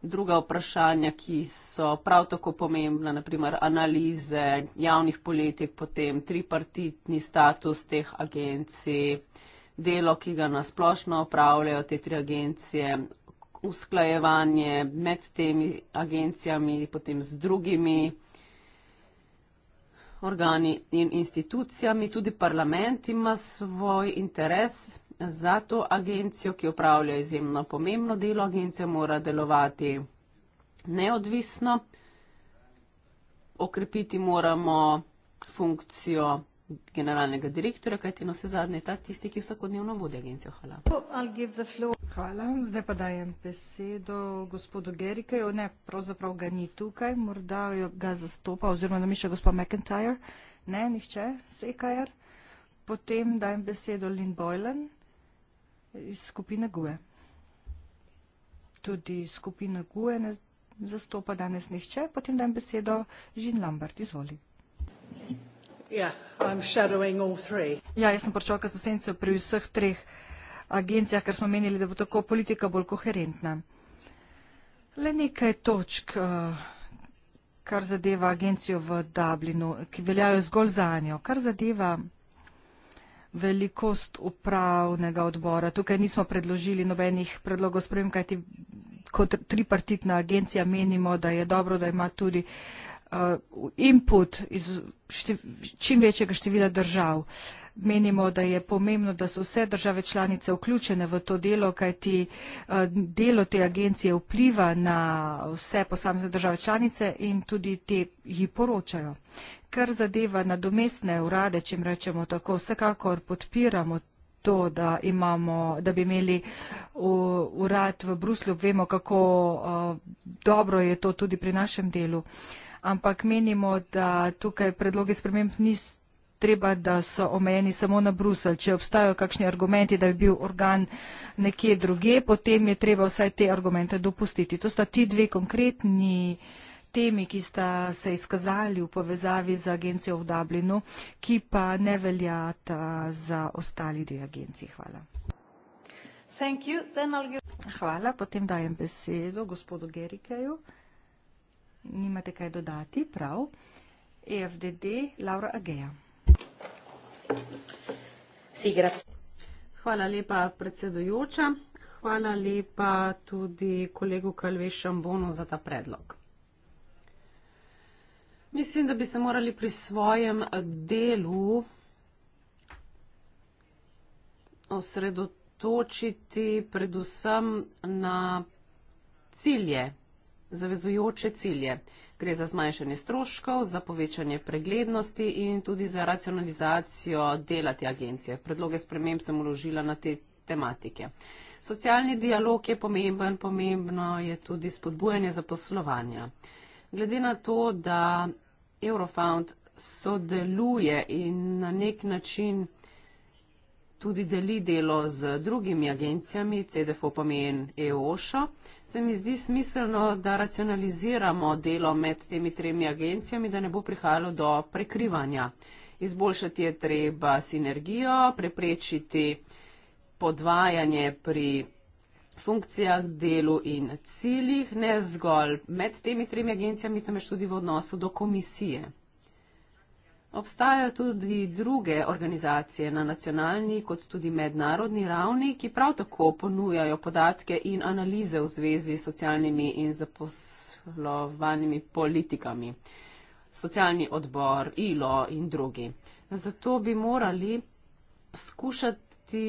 druga vprašanja, ki so prav tako pomembna, naprimer analize javnih politik, potem tripartitni status teh agencij, delo, ki ga nasplošno upravljajo te tri agencije, usklajevanje med temi agencijami, potem z drugimi organi in institucijami. Tudi parlament ima svoj interes za to agencijo, ki upravlja izjemno pomembno delo. Agencija mora delovati neodvisno. Okrepiti moramo funkcijo generalnega direktora, kajti na vse zadnje je ta tisti, ki vsakodnevno vodi agencijo. Hvala. Hvala. Zdaj pa dajem besedo gospodu Gerikeju. Ne, pravzaprav ga ni tukaj, morda ga zastopa oziroma da mi še gospod McIntyre. Ne, nihče, sekajer. Potem dajem besedo Lynn Boylan iz skupine GUE. Tudi skupina GUE ne zastopa danes nihče. Potem dajem besedo Žin Lambert. Izvoli. Thank you. Ja, jaz sem poročal kazosence pri vseh treh agencijah, ker smo menili, da bo tako politika bolj koherentna. Le nekaj točk, eh, kar zadeva agencijo v Dublinu, ki veljajo zgolj za njo, kar zadeva velikost upravnega odbora. Tukaj nismo predložili nobenih predlogov sprem, kajti kot tripartitna agencija menimo, da je dobro, da ima tudi uh, uh, input iz čim večjega števila držav. Menimo, da je pomembno, da so vse države članice vključene v to delo, kajti uh, delo te agencije vpliva na vse posamezne države članice in tudi te ji poročajo. Kar zadeva na domestne urade, če jim rečemo tako, vsekakor podpiramo to, da, imamo, da bi imeli urad v Bruslju, vemo, kako uh, dobro je to tudi pri našem delu ampak menimo, da tukaj predloge sprememb ni treba, da so omejeni samo na Brusel. Če obstajajo kakšni argumenti, da je bil organ nekje druge, potem je treba vsaj te argumente dopustiti. To sta ti dve konkretni temi, ki sta se izkazali v povezavi z agencijo v Dublinu, ki pa ne veljata za ostali dve agenciji. Hvala. Hvala, potem dajem besedo gospodu Gerikeju. Nimate kaj dodati, prav. EFDD, Laura Ageja. Sigrat. Hvala lepa, predsedujoča. Hvala lepa tudi kolegu Kalveš Šambonu za ta predlog. Mislim, da bi se morali pri svojem delu osredotočiti predvsem na cilje zavezujoče cilje. Gre za zmanjšanje stroškov, za povečanje preglednosti in tudi za racionalizacijo dela te agencije. Predloge sprememb sem uložila na te tematike. Socialni dialog je pomemben, pomembno je tudi spodbujanje zaposlovanja. Glede na to, da Eurofound sodeluje in na nek način tudi deli delo z drugimi agencijami, CDFO pomeni EOŠA, se mi zdi smiselno, da racionaliziramo delo med temi tremi agencijami, da ne bo prihajalo do prekrivanja. Izboljšati je treba sinergijo, preprečiti podvajanje pri funkcijah, delu in ciljih, ne zgolj med temi tremi agencijami, temveč tudi v odnosu do komisije. Obstajajo tudi druge organizacije na nacionalni kot tudi mednarodni ravni, ki prav tako ponujajo podatke in analize v zvezi s socialnimi in zaposlovanimi politikami. Socialni odbor, ILO in drugi. Zato bi morali skušati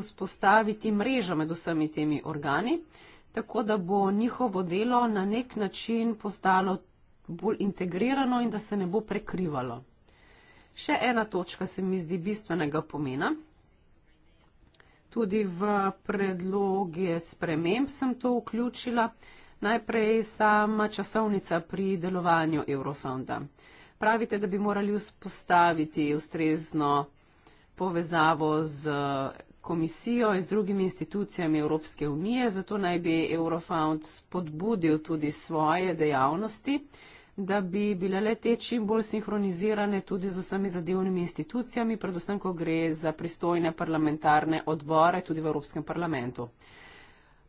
vzpostaviti mrežo med vsemi temi organi, tako da bo njihovo delo na nek način postalo bolj integrirano in da se ne bo prekrivalo. Še ena točka se mi zdi bistvenega pomena. Tudi v predloge sprememb sem to vključila. Najprej sama časovnica pri delovanju Eurofonda. Pravite, da bi morali vzpostaviti ustrezno povezavo z komisijo in z drugimi institucijami Evropske unije, zato naj bi Eurofond spodbudil tudi svoje dejavnosti da bi bile le te čim bolj sinhronizirane tudi z vsemi zadevnimi institucijami, predvsem, ko gre za pristojne parlamentarne odbore tudi v Evropskem parlamentu.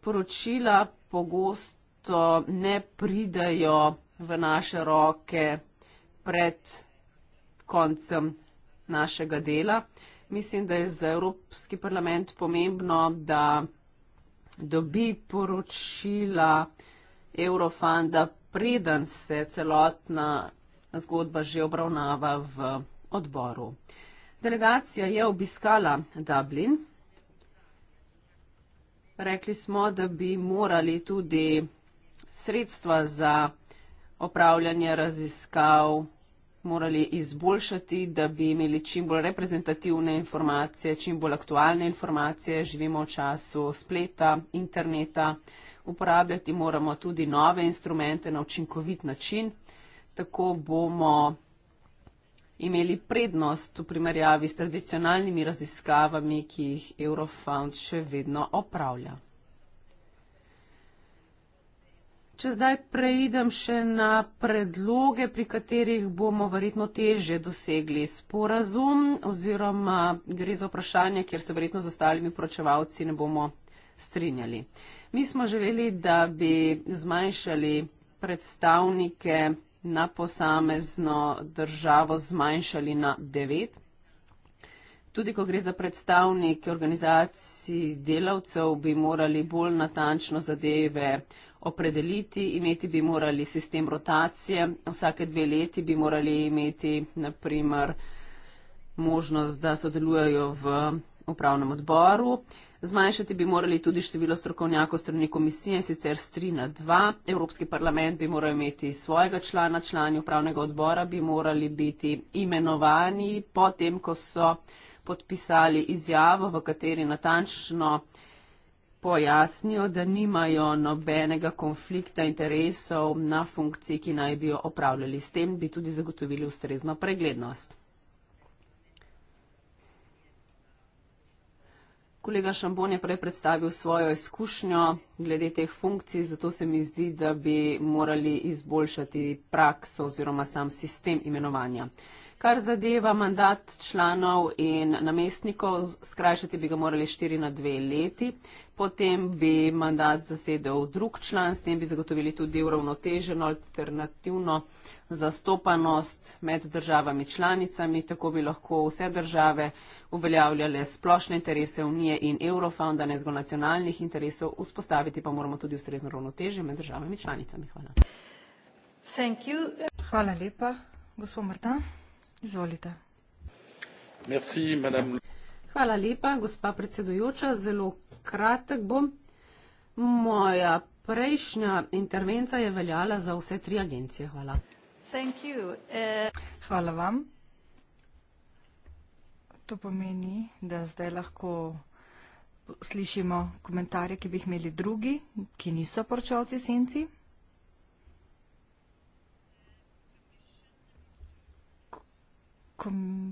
Poročila pogosto ne pridajo v naše roke pred koncem našega dela. Mislim, da je za Evropski parlament pomembno, da dobi poročila Eurofanda preden se celotna zgodba že obravnava v odboru. Delegacija je obiskala Dublin. Rekli smo, da bi morali tudi sredstva za opravljanje raziskav morali izboljšati, da bi imeli čim bolj reprezentativne informacije, čim bolj aktualne informacije. Živimo v času spleta, interneta uporabljati moramo tudi nove instrumente na učinkovit način. Tako bomo imeli prednost v primerjavi s tradicionalnimi raziskavami, ki jih Eurofound še vedno opravlja. Če zdaj preidem še na predloge, pri katerih bomo verjetno teže dosegli sporazum oziroma gre za vprašanje, kjer se verjetno z ostalimi poročevalci ne bomo strinjali. Uh, Mi smo želeli, da bi zmanjšali predstavnike na posamezno državo, zmanjšali na devet. Tudi, ko gre za predstavnike organizacij delavcev, bi morali bolj natančno zadeve opredeliti, imeti bi morali sistem rotacije, vsake dve leti bi morali imeti, naprimer, možnost, da sodelujejo v upravnem odboru. Zmanjšati bi morali tudi število strokovnjakov strani komisije, sicer s 3 na 2. Evropski parlament bi moral imeti svojega člana, člani upravnega odbora bi morali biti imenovani potem, ko so podpisali izjavo, v kateri natančno pojasnijo, da nimajo nobenega konflikta interesov na funkciji, ki naj bi jo opravljali. S tem bi tudi zagotovili ustrezno preglednost. Kolega Šambon je prej predstavil svojo izkušnjo glede teh funkcij, zato se mi zdi, da bi morali izboljšati prakso oziroma sam sistem imenovanja. Kar zadeva mandat članov in namestnikov, skrajšati bi ga morali 4 na 2 leti, potem bi mandat zasedel drug član, s tem bi zagotovili tudi uravnoteženo alternativno zastopanost med državami članicami. Tako bi lahko vse države uveljavljale splošne interese Unije in Eurofonda, ne zgolj nacionalnih interesov. Vzpostaviti pa moramo tudi ustrezno uravnoteže med državami članicami. Hvala. Hvala lepa. Gospod Marta, izvolite. Merci, Hvala lepa, gospa predsedujoča. Zelo kratek bom. Moja prejšnja intervenca je veljala za vse tri agencije. Hvala. Eh, Hvala vam. To pomeni, da zdaj lahko slišimo komentarje, ki bi jih imeli drugi, ki niso poročevalci senci.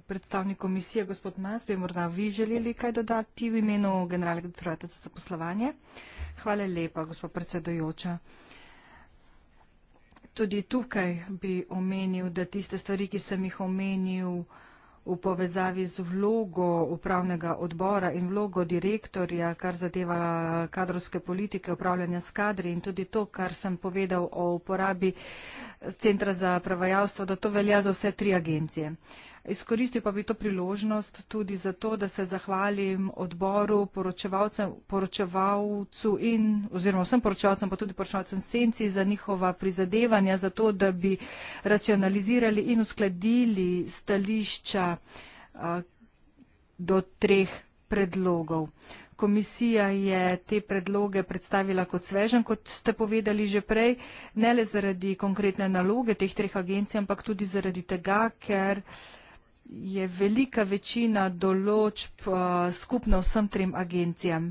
predstavnik komisije, gospod Mas, bi morda vi želeli kaj dodati v imenu generalnega direktorata za zaposlovanje. Hvala lepa, gospod predsedojoča. Tudi tukaj bi omenil, da tiste stvari, ki sem jih omenil v povezavi z vlogo upravnega odbora in vlogo direktorja, kar zadeva kadrovske politike upravljanja s kadri in tudi to, kar sem povedal o uporabi centra za prevajalstvo, da to velja za vse tri agencije. Uh, Izkoristil pa bi to priložnost tudi zato, da se zahvalim odboru, poročevalcu in oziroma vsem poročevalcem, pa tudi poročevalcem Senci za njihova prizadevanja, za to, da bi racionalizirali in uskladili stališča do treh predlogov. Komisija je te predloge predstavila kot svežen, kot ste povedali že prej, ne le zaradi konkretne naloge teh treh agencij, ampak tudi zaradi tega, ker je velika večina določb eh, skupna vsem trem agencijam.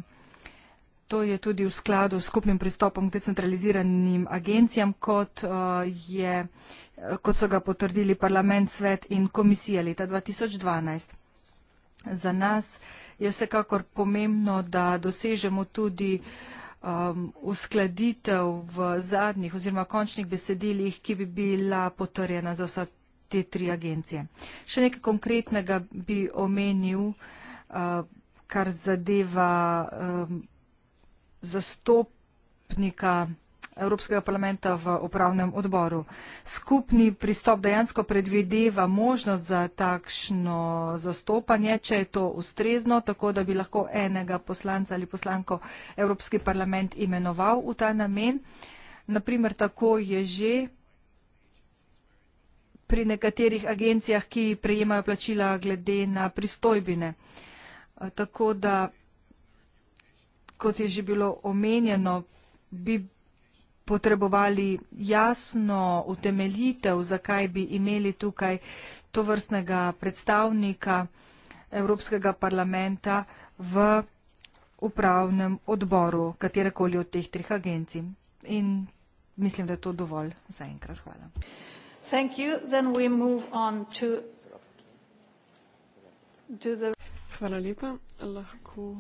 To je tudi v skladu s skupnim pristopom k decentraliziranim agencijam, kot, eh, je, eh, kot so ga potrdili parlament, svet in komisija leta 2012. Za nas je vsekakor pomembno, da dosežemo tudi um, uskladitev v zadnjih oziroma končnih besedilih, ki bi bila potrjena za vsa te tri agencije. Še nekaj konkretnega bi omenil, eh, kar zadeva eh, zastopnika Evropskega parlamenta v upravnem odboru. Skupni pristop dejansko predvideva možnost za takšno zastopanje, če je to ustrezno, tako da bi lahko enega poslanca ali poslanko Evropski parlament imenoval v ta namen. Naprimer, tako je že pri nekaterih agencijah, ki prejemajo plačila glede na pristojbine. Tako da, kot je že bilo omenjeno, bi potrebovali jasno utemeljitev, zakaj bi imeli tukaj to vrstnega predstavnika Evropskega parlamenta v upravnem odboru katerekoli od teh treh agencij. In mislim, da je to dovolj za enkrat. Hvala. Thank you. Then we move on to the. Hvala lepa. Lahko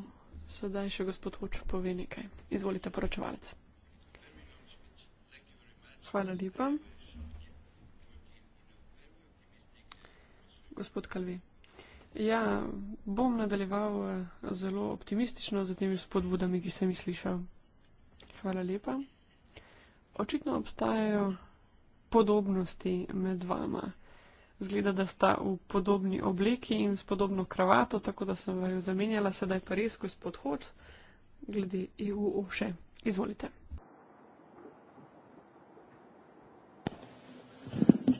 sedaj še gospod Hoč pove nekaj. Izvolite, poročevalec. Hvala lepa. Gospod Kalvi. Ja, bom nadaljeval eh, zelo optimistično z temi spodbudami, ki sem jih slišal. Hvala lepa. Očitno obstajajo podobnosti med vama. Zgleda, da sta v podobni obleki in s podobno kravato, tako da sem vaju zamenjala, sedaj pa res gospod Hod, glede EU še. Izvolite.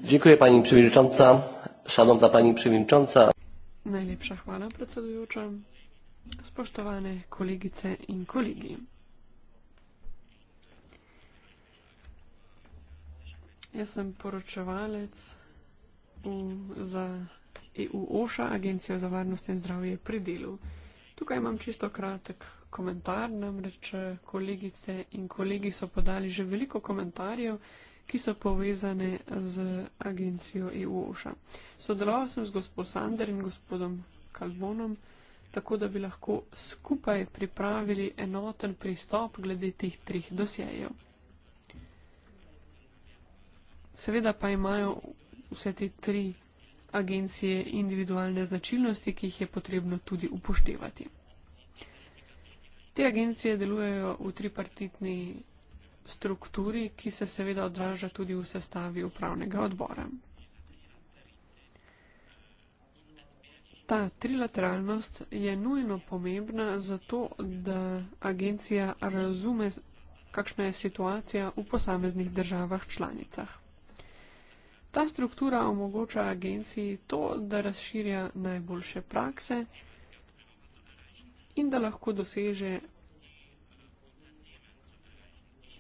Dziękuję pani przewodnicząca, szanowna pani przewodnicząca. Najlepsza chwała, przewodnicząca. Spoštowane kolegice i kolegi. Jaz sem poročevalec za EU OŠA, Agencijo za varnost in zdravje pri delu. Tukaj imam čisto kratek komentar, namreč eh, kolegice in kolegi so podali že veliko komentarjev, ki so povezane z agencijo EU OŠA. Sodeloval sem z gospod Sander in gospodom Kalbonom, tako da bi lahko skupaj pripravili enoten pristop glede teh treh dosjejev. Seveda pa imajo vse te tri agencije individualne značilnosti, ki jih je potrebno tudi upoštevati. Te agencije delujejo v tripartitni strukturi, ki se seveda odraža tudi v sestavi upravnega odbora. Ta trilateralnost je nujno pomembna zato, da agencija razume, kakšna je situacija v posameznih državah članicah. Ta struktura omogoča agenciji to, da razširja najboljše prakse in da lahko doseže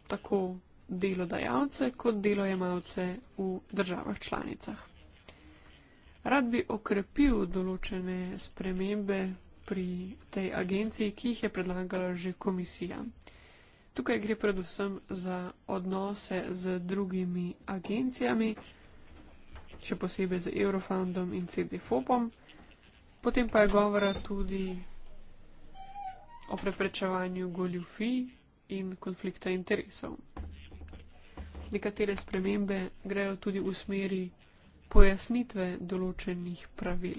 tako delodajalce kot delojemalce v državah članicah. Rad bi okrepil določene spremembe pri tej agenciji, ki jih je predlagala že komisija. Tukaj gre predvsem za odnose z drugimi agencijami še posebej z Eurofundom in CD-fopom. Potem pa je govora tudi o preprečevanju goljufi in konflikta interesov. Nekatere spremembe grejo tudi v smeri pojasnitve določenih pravil.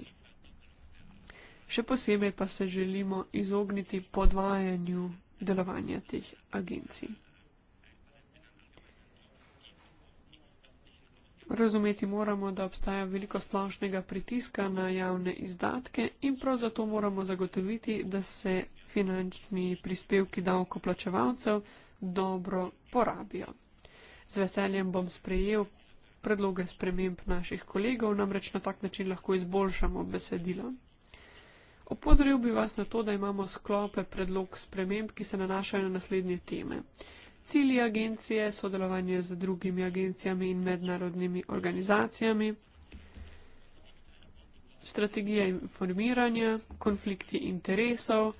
Še posebej pa se želimo izogniti podvajanju delovanja teh agencij. Razumeti moramo, da obstaja veliko splošnega pritiska na javne izdatke in prav zato moramo zagotoviti, da se finančni prispevki davkoplačevalcev dobro porabijo. Z veseljem bom sprejel predloge sprememb naših kolegov, namreč na tak način lahko izboljšamo besedilo. Opozoril bi vas na to, da imamo sklope predlog sprememb, ki se nanašajo na naslednje teme. Cilji agencije, sodelovanje z drugimi agencijami in mednarodnimi organizacijami, strategija informiranja, konflikti interesov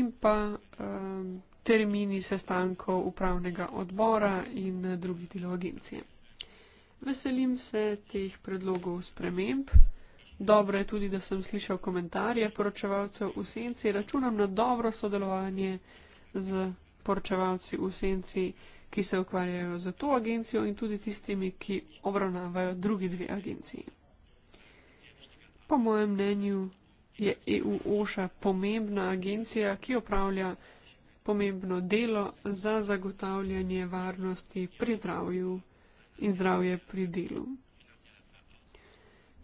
in pa um, termini sestankov upravnega odbora in eh, drugih delov agencije. Veselim se teh predlogov sprememb. Dobro je tudi, da sem slišal komentarje poročevalcev v senci. Računam na dobro sodelovanje z poročevalci v senci, ki se ukvarjajo z to agencijo in tudi tistimi, ki obravnavajo drugi dve agenciji. Po mojem mnenju je EU OŠA pomembna agencija, ki opravlja pomembno delo za zagotavljanje varnosti pri zdravju in zdravje pri delu.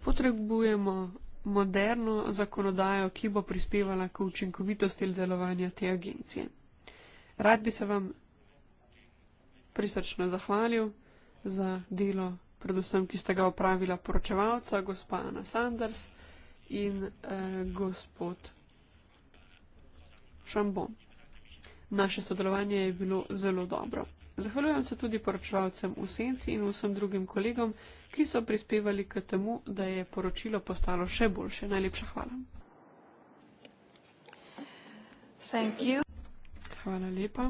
Potrebujemo moderno zakonodajo, ki bo prispevala k učinkovitosti delovanja te agencije. Rad bi se vam prisrčno zahvalil za delo, predvsem, ki ste ga opravila poročevalca, gospa Ana Sanders in eh, gospod Šambon. Naše sodelovanje je bilo zelo dobro. Zahvaljujem se tudi poročevalcem v senci in vsem drugim kolegom, ki so prispevali k temu, da je poročilo postalo še boljše. Najlepša hvala. Thank you. Hvala lepa.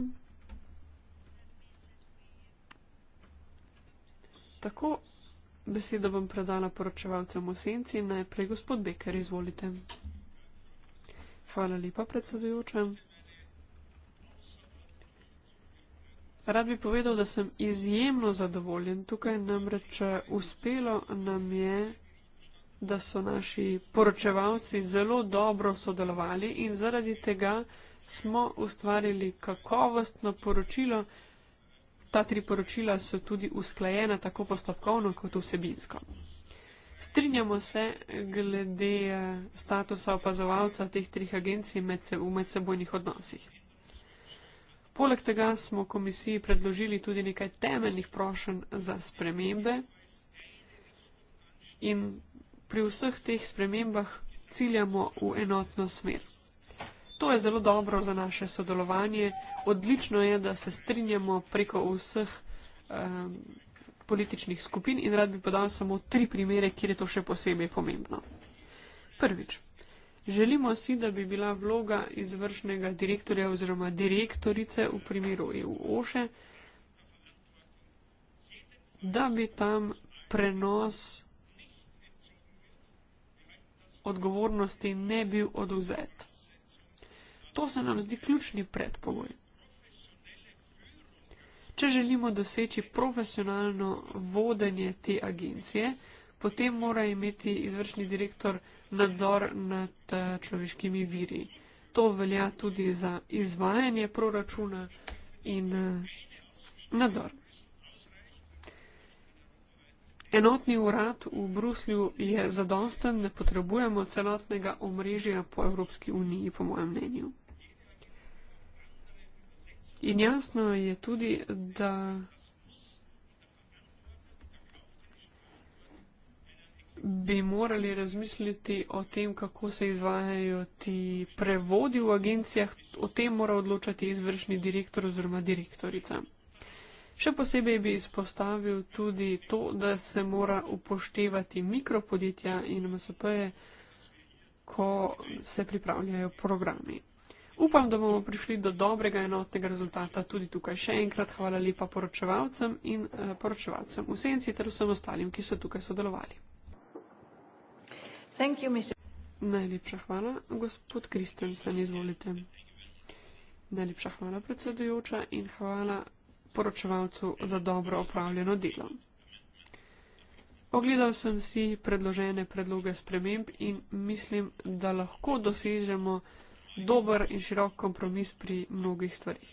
Tako, besedo bom predala poročevalcem v senci. Najprej gospod Beker, izvolite. Hvala lepa, predsedujoča. Rad bi povedal, da sem izjemno zadovoljen. Tukaj namreč eh, uspelo nam je, da so naši poročevalci zelo dobro sodelovali in zaradi tega, smo ustvarili kakovostno poročilo. Ta tri poročila so tudi usklajena tako postopkovno kot vsebinsko. Strinjamo se glede eh, statusa opazovalca teh trih agencij v medsebojnih odnosih. Poleg tega smo komisiji predložili tudi nekaj temeljnih prošen za spremembe in pri vseh teh spremembah ciljamo v enotno smer. To je zelo dobro za naše sodelovanje. Odlično je, da se strinjamo preko vseh um, političnih skupin in rad bi podal samo tri primere, kjer je to še posebej pomembno. Prvič. Želimo si, da bi bila vloga izvršnega direktorja oziroma direktorice v primeru EU-OŠE, da bi tam prenos odgovornosti ne bil oduzet. To se nam zdi ključni predpogoj. Če želimo doseči profesionalno vodenje te agencije, potem mora imeti izvršni direktor nadzor nad eh, človeškimi viri. To velja tudi za izvajanje proračuna in eh, nadzor. Enotni urad v Bruslju je zadosten, ne potrebujemo celotnega omrežja po Evropski uniji, po mojem mnenju. In jasno je tudi, da bi morali razmisliti o tem, kako se izvajajo ti prevodi v agencijah, o tem mora odločati izvršni direktor oziroma direktorica. Še posebej bi izpostavil tudi to, da se mora upoštevati mikropodjetja in MSP-je, ko se pripravljajo programi. Upam, da bomo prišli do dobrega enotnega rezultata tudi tukaj. Še enkrat hvala lepa poročevalcem in eh, poročevalcem v senci ter vsem ostalim, ki so tukaj sodelovali. You, Najlepša hvala, gospod Kristensen, izvolite. Najlepša hvala, predsedujoča, in hvala poročevalcu za dobro opravljeno delo. Ogledal sem si predložene predloge sprememb in mislim, da lahko dosežemo dober in širok kompromis pri mnogih stvarih.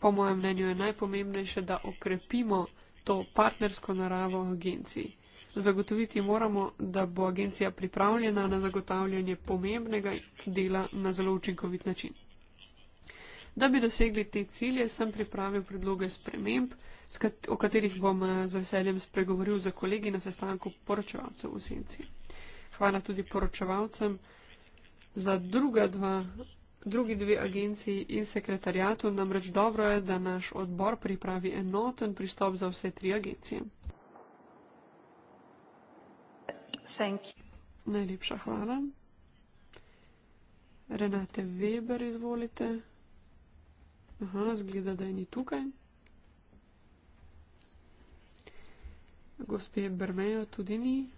Po mojem mnenju je najpomembnejše, da okrepimo to partnersko naravo agenciji. Zagotoviti moramo, da bo agencija pripravljena na zagotavljanje pomembnega dela na zelo učinkovit način. Da bi dosegli te cilje, sem pripravil predloge sprememb, o katerih bom eh, z veseljem spregovoril za kolegi na sestanku poročevalcev v senci. Hvala tudi poročevalcem za druga dva, drugi dve agenciji in sekretarijatu, namreč dobro je, da naš odbor pripravi enoten pristop za vse tri agencije. Najlepša hvala. Renate Weber, izvolite. Aha, zgleda, da je ni tukaj. Gospe Bermejo tudi ni.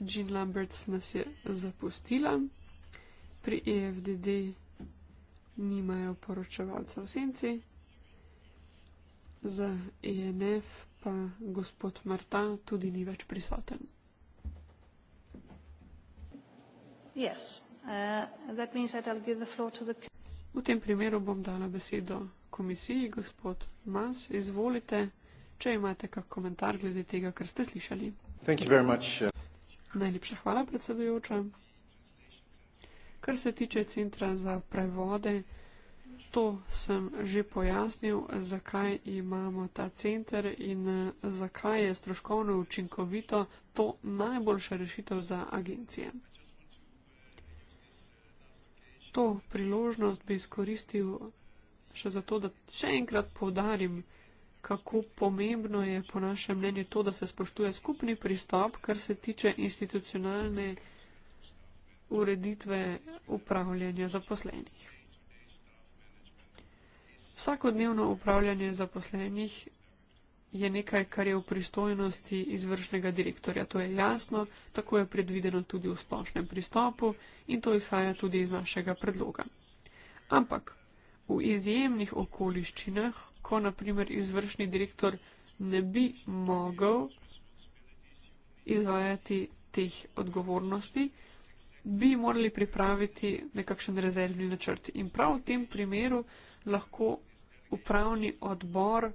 Jean Lambert nas je zapustila pri EFDD nimajo poročevalcev v senci, za ENF pa gospod Marta tudi ni več prisoten. Yes. Uh, v tem primeru bom dala besedo komisiji, gospod Mas, izvolite, če imate kak komentar glede tega, kar ste slišali. Uh. Najlepša hvala, predsedujoča. Kar se tiče centra za prevode, to sem že pojasnil, zakaj imamo ta center in eh, zakaj je stroškovno učinkovito to najboljša rešitev za agencije. To priložnost bi izkoristil še zato, da še enkrat povdarim, kako pomembno je po našem mnenju to, da se spoštuje skupni pristop, kar se tiče institucionalne ureditve upravljanja zaposlenih. Vsakodnevno upravljanje zaposlenih je nekaj, kar je v pristojnosti izvršnega direktorja. To je jasno, tako je predvideno tudi v splošnem pristopu in to izhaja tudi iz našega predloga. Ampak v izjemnih okoliščinah, ko naprimer izvršni direktor ne bi mogel izvajati teh odgovornosti, bi morali pripraviti nekakšen rezervni načrt. In prav v tem primeru lahko upravni odbor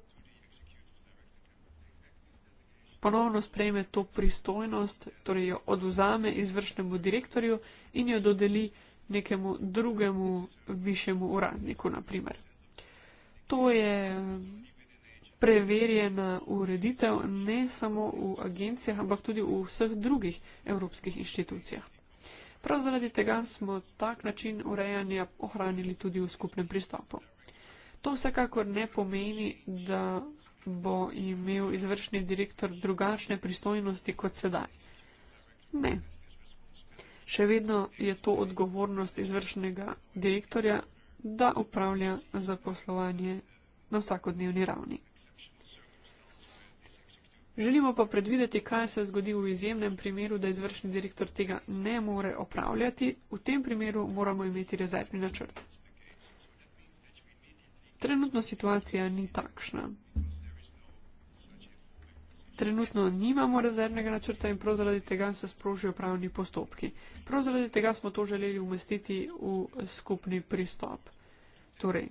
ponovno sprejme to pristojnost, torej jo oduzame izvršnemu direktorju in jo dodeli nekemu drugemu višjemu uradniku, naprimer. To je preverjena ureditev ne samo v agencijah, ampak tudi v vseh drugih evropskih inštitucijah. Prav zaradi tega smo tak način urejanja ohranili tudi v skupnem pristopu. To vsekakor ne pomeni, da bo imel izvršni direktor drugačne pristojnosti kot sedaj. Ne. Še vedno je to odgovornost izvršnega direktorja, da upravlja zaposlovanje na vsakodnevni ravni. Želimo pa predvideti, kaj se zgodi v izjemnem primeru, da izvršni direktor tega ne more opravljati. V tem primeru moramo imeti rezervni načrt. Trenutno situacija ni takšna. Trenutno nimamo rezervnega načrta in prav zaradi tega se sprožijo pravni postopki. Prav zaradi tega smo to želeli umestiti v skupni pristop. Torej,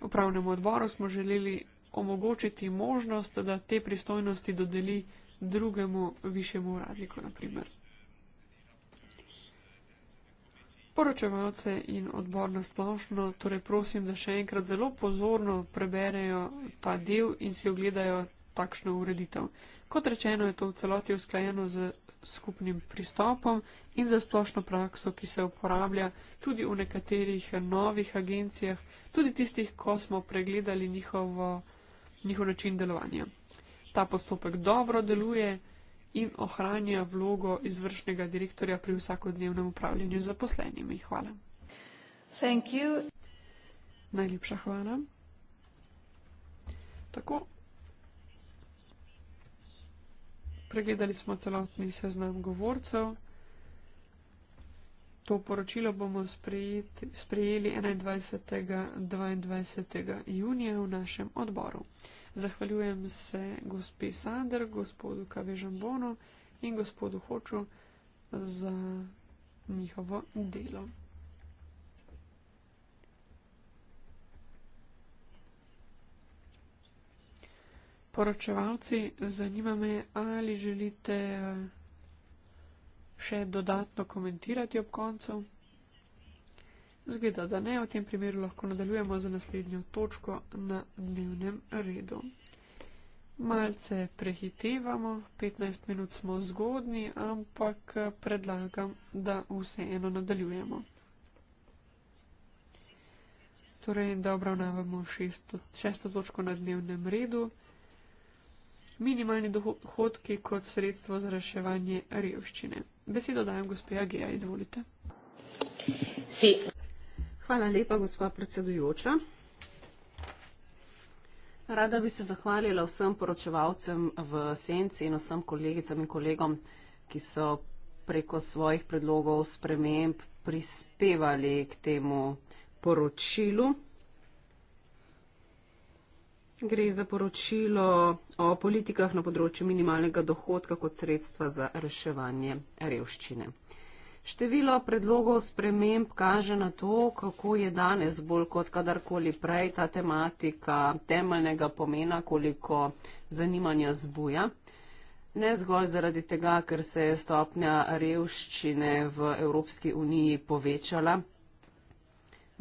v pravnem odboru smo želeli omogočiti možnost, da te pristojnosti dodeli drugemu višjemu uradniku, naprimer. Poročevalce in odbor na splošno, torej prosim, da še enkrat zelo pozorno preberejo ta del in si ogledajo takšno ureditev. Kot rečeno, je to v celoti usklajeno z skupnim pristopom in za splošno prakso, ki se uporablja tudi v nekaterih novih agencijah, tudi tistih, ko smo pregledali njihovo njihov način delovanja. Ta postopek dobro deluje in ohranja vlogo izvršnega direktorja pri vsakodnevnem upravljanju z zaposlenimi. Hvala. Najlepša hvala. Tako. Pregledali smo celotni seznam govorcev. To poročilo bomo sprejeti, sprejeli 21. 22. junija v našem odboru. Zahvaljujem se gospe Sander, gospodu Kavežambonu in gospodu Hoču za njihovo delo. Poročevalci, zanima me, ali želite. Uh, še dodatno komentirati ob koncu? Zgleda, da ne, v tem primeru lahko nadaljujemo za naslednjo točko na dnevnem redu. Malce prehitevamo, 15 minut smo zgodni, ampak predlagam, da vseeno nadaljujemo. Torej, da obravnavamo šesto, šesto točko na dnevnem redu. Minimalni dohodki kot sredstvo za reševanje revščine. Besedo dajem gospe Agija, izvolite. Si. Hvala lepa, gospa predsedujoča. Rada bi se zahvalila vsem poročevalcem v senci in vsem kolegicam in kolegom, ki so preko svojih predlogov sprememb prispevali k temu poročilu. Gre za poročilo o politikah na področju minimalnega dohodka kot sredstva za reševanje revščine. Število predlogov sprememb kaže na to, kako je danes bolj kot kadarkoli prej ta tematika temeljnega pomena, koliko zanimanja zbuja. Ne zgolj zaradi tega, ker se je stopnja revščine v Evropski uniji povečala,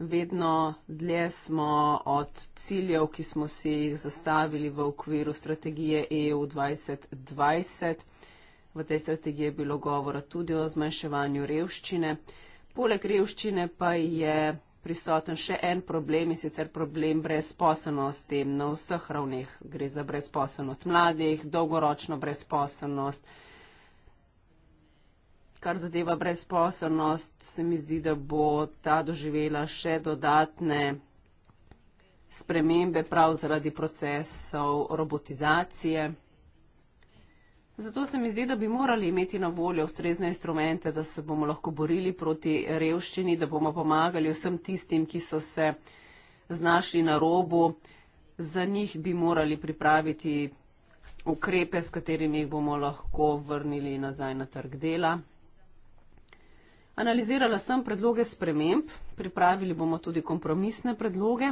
vedno dlje smo od ciljev, ki smo si jih zastavili v okviru strategije EU 2020. V tej strategiji je bilo govora tudi o zmanjševanju revščine. Poleg revščine pa je prisoten še en problem in sicer problem brezposobnosti na vseh ravneh. Gre za brezposobnost mladih, dolgoročno brezposobnost kar zadeva brezposobnost, se mi zdi, da bo ta doživela še dodatne spremembe prav zaradi procesov robotizacije. Zato se mi zdi, da bi morali imeti na voljo ustrezne instrumente, da se bomo lahko borili proti revščini, da bomo pomagali vsem tistim, ki so se znašli na robu. Za njih bi morali pripraviti ukrepe, s katerimi jih bomo lahko vrnili nazaj na trg dela. Analizirala sem predloge sprememb, pripravili bomo tudi kompromisne predloge.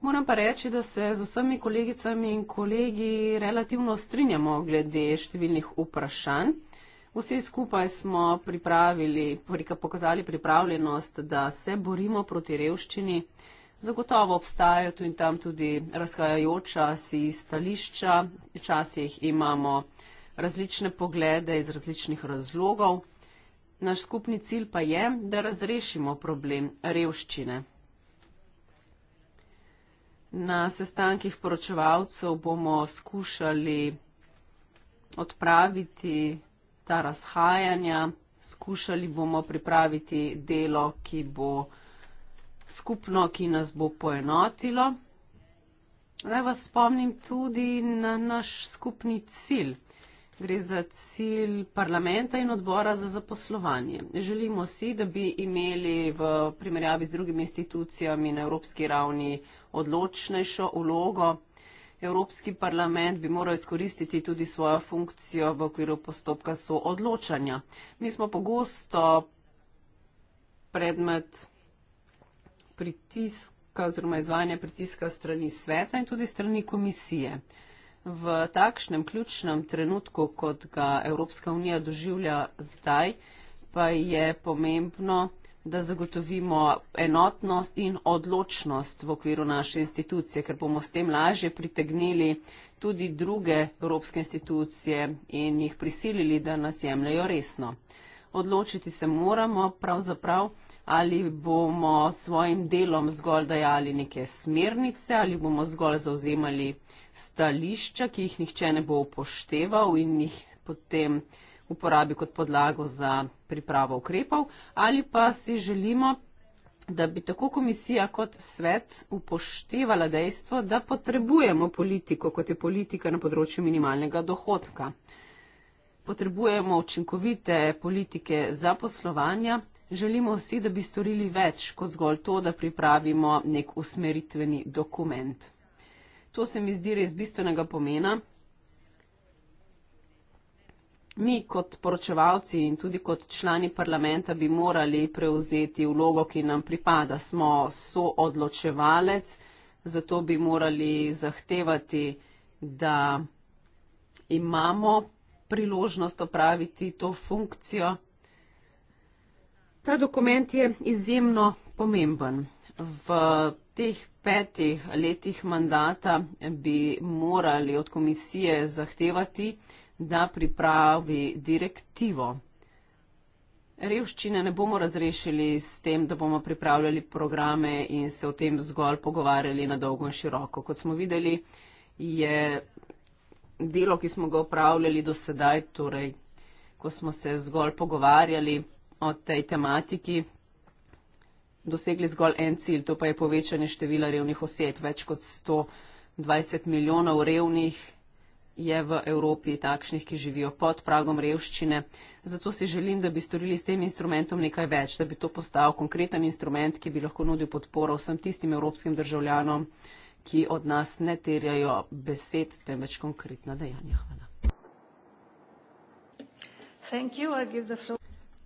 Moram pa reči, da se z vsemi kolegicami in kolegi relativno strinjamo glede številnih vprašanj. Vsi skupaj smo pripravili, pokazali pripravljenost, da se borimo proti revščini. Zagotovo obstajajo tu in tam tudi razhajajoča si stališča, včasih imamo različne poglede iz različnih razlogov. Naš skupni cilj pa je, da razrešimo problem revščine. Na sestankih poročevalcev bomo skušali odpraviti ta razhajanja, skušali bomo pripraviti delo, ki bo skupno, ki nas bo poenotilo. Naj vas spomnim tudi na naš skupni cilj. Gre za cilj parlamenta in odbora za zaposlovanje. Želimo si, da bi imeli v primerjavi z drugimi institucijami na evropski ravni odločnejšo ulogo. Evropski parlament bi moral izkoristiti tudi svojo funkcijo v okviru postopka soodločanja. Mi smo pogosto predmet pritiska oziroma izvajanja pritiska strani sveta in tudi strani komisije v takšnem ključnem trenutku, kot ga Evropska unija doživlja zdaj, pa je pomembno, da zagotovimo enotnost in odločnost v okviru naše institucije, ker bomo s tem lažje pritegnili tudi druge evropske institucije in jih prisilili, da nas jemljajo resno. Odločiti se moramo pravzaprav, ali bomo svojim delom zgolj dajali neke smernice, ali bomo zgolj zauzemali stališča, ki jih nihče ne bo upošteval in jih potem uporabi kot podlago za pripravo ukrepov, ali pa si želimo, da bi tako komisija kot svet upoštevala dejstvo, da potrebujemo politiko, kot je politika na področju minimalnega dohodka. Potrebujemo učinkovite politike za poslovanja, želimo vsi, da bi storili več kot zgolj to, da pripravimo nek usmeritveni dokument. To se mi zdi res bistvenega pomena. Mi kot poročevalci in tudi kot člani parlamenta bi morali prevzeti vlogo, ki nam pripada. Smo soodločevalec, zato bi morali zahtevati, da imamo priložnost opraviti to funkcijo. Ta dokument je izjemno pomemben. V teh petih letih mandata bi morali od komisije zahtevati, da pripravi direktivo. Revščine ne bomo razrešili s tem, da bomo pripravljali programe in se o tem zgolj pogovarjali na dolgo in široko. Kot smo videli, je delo, ki smo ga upravljali do sedaj, torej, ko smo se zgolj pogovarjali o tej tematiki, dosegli zgolj en cilj, to pa je povečanje števila revnih oseb. Več kot 120 milijonov revnih je v Evropi takšnih, ki živijo pod pragom revščine. Zato si želim, da bi storili s tem instrumentom nekaj več, da bi to postal konkreten instrument, ki bi lahko nudil podporo vsem tistim evropskim državljanom, ki od nas ne terjajo besed, temveč konkretna dejanja. Hvala.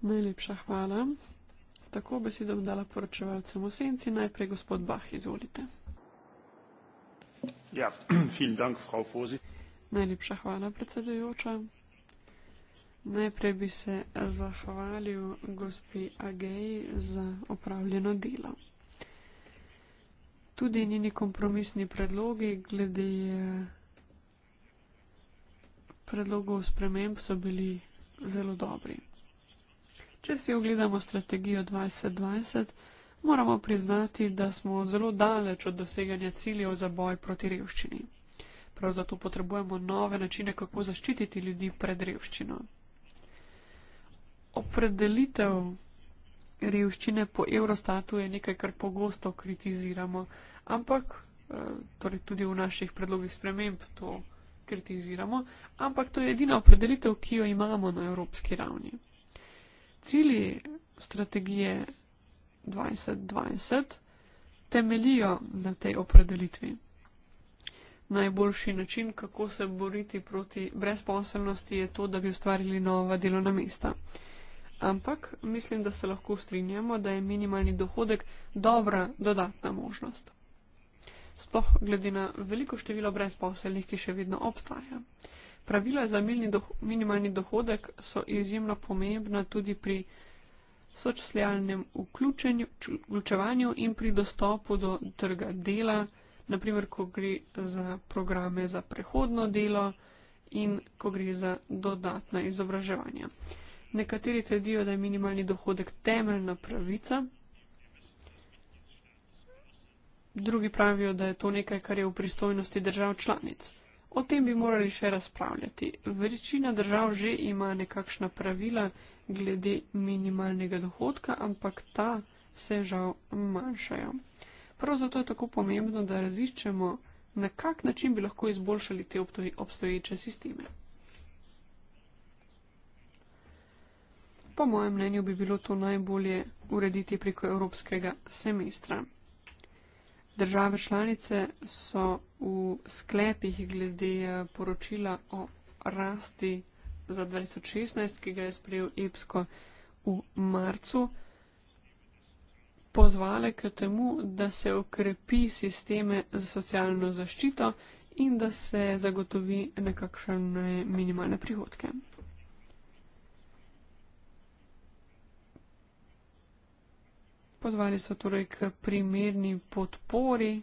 Najlepša hvala. Tako besedo bi dala poročevalcem v senci. Najprej gospod Bah, izvolite. Ja, vielen Dank, Frau Fosi. Najlepša hvala, predsedujoča. Najprej bi se zahvalil gospi Ageji za opravljeno delo. Tudi njeni kompromisni predlogi glede eh, predlogov sprememb so bili zelo dobri. Če si ogledamo strategijo 2020, moramo priznati, da smo zelo daleč od doseganja ciljev za boj proti revščini. Prav zato potrebujemo nove načine, kako zaščititi ljudi pred revščino. Opredelitev revščine po Eurostatu je nekaj, kar pogosto kritiziramo, ampak eh, torej tudi v naših predlogih sprememb to kritiziramo, ampak to je edina opredelitev, ki jo imamo na evropski ravni cilji strategije 2020 temelijo na tej opredelitvi. Najboljši način, kako se boriti proti brezposelnosti, je to, da bi ustvarili nova delovna mesta. Ampak mislim, da se lahko strinjamo, da je minimalni dohodek dobra dodatna možnost. Sploh glede na veliko število brezposelnih, ki še vedno obstaja. Pravila za minimalni dohodek so izjemno pomembna tudi pri sočasljalnem vključevanju in pri dostopu do trga dela, naprimer, ko gre za programe za prehodno delo in ko gre za dodatna izobraževanja. Nekateri trdijo, da je minimalni dohodek temeljna pravica, drugi pravijo, da je to nekaj, kar je v pristojnosti držav članic. O tem bi morali še razpravljati. Večina držav že ima nekakšna pravila glede minimalnega dohodka, ampak ta se žal manjšajo. Prav zato je tako pomembno, da raziščemo, na kak način bi lahko izboljšali te obstoječe sisteme. Po mojem mnenju bi bilo to najbolje urediti preko evropskega semestra. Države članice so v sklepih glede eh, poročila o rasti za 2016, ki ga je sprejel EPSKO v marcu, pozvale k temu, da se okrepi sisteme za socialno zaščito in da se zagotovi nekakšne minimalne prihodke. Pozvali so torej k primerni podpori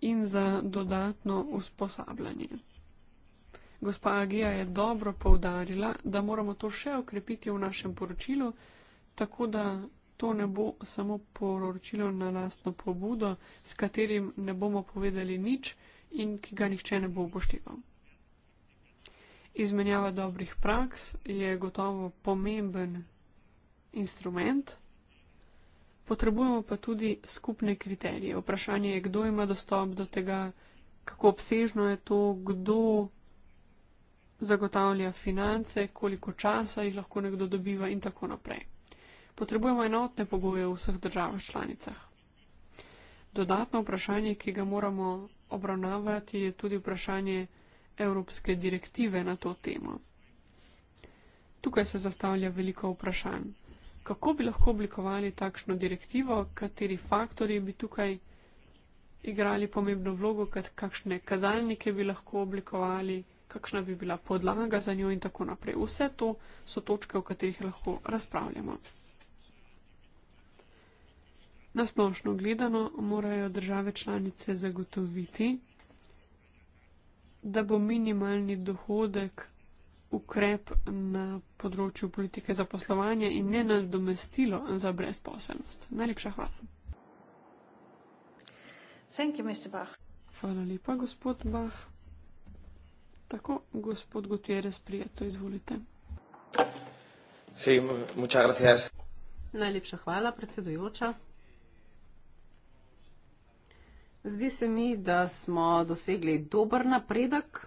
in za dodatno usposabljanje. Gospa Agija je dobro povdarila, da moramo to še okrepiti v našem poročilu, tako da to ne bo samo poročilo na lastno pobudo, s katerim ne bomo povedali nič in ki ga nihče ne bo upošteval. Izmenjava dobrih praks je gotovo pomemben instrument potrebujemo pa tudi skupne kriterije. Vprašanje je, kdo ima dostop do tega, kako obsežno je to, kdo zagotavlja finance, koliko časa jih lahko nekdo dobiva in tako naprej. Potrebujemo enotne pogoje v vseh državah članicah. Dodatno vprašanje, ki ga moramo obravnavati, je tudi vprašanje evropske direktive na to temo. Tukaj se zastavlja veliko vprašanj kako bi lahko oblikovali takšno direktivo, kateri faktori bi tukaj igrali pomembno vlogo, kakšne kazalnike bi lahko oblikovali, kakšna bi bila podlaga za njo in tako naprej. Vse to so točke, o katerih lahko razpravljamo. Nasplošno gledano morajo države članice zagotoviti, da bo minimalni dohodek ukrep na področju politike zaposlovanja in ne na domestilo za brezposelnost. Najlepša hvala. Hvala lepa, gospod Bah. Tako, gospod Gutierrez, prijeto, izvolite. Najlepša hvala, predsedujoča. Zdi se mi, da smo dosegli dober napredek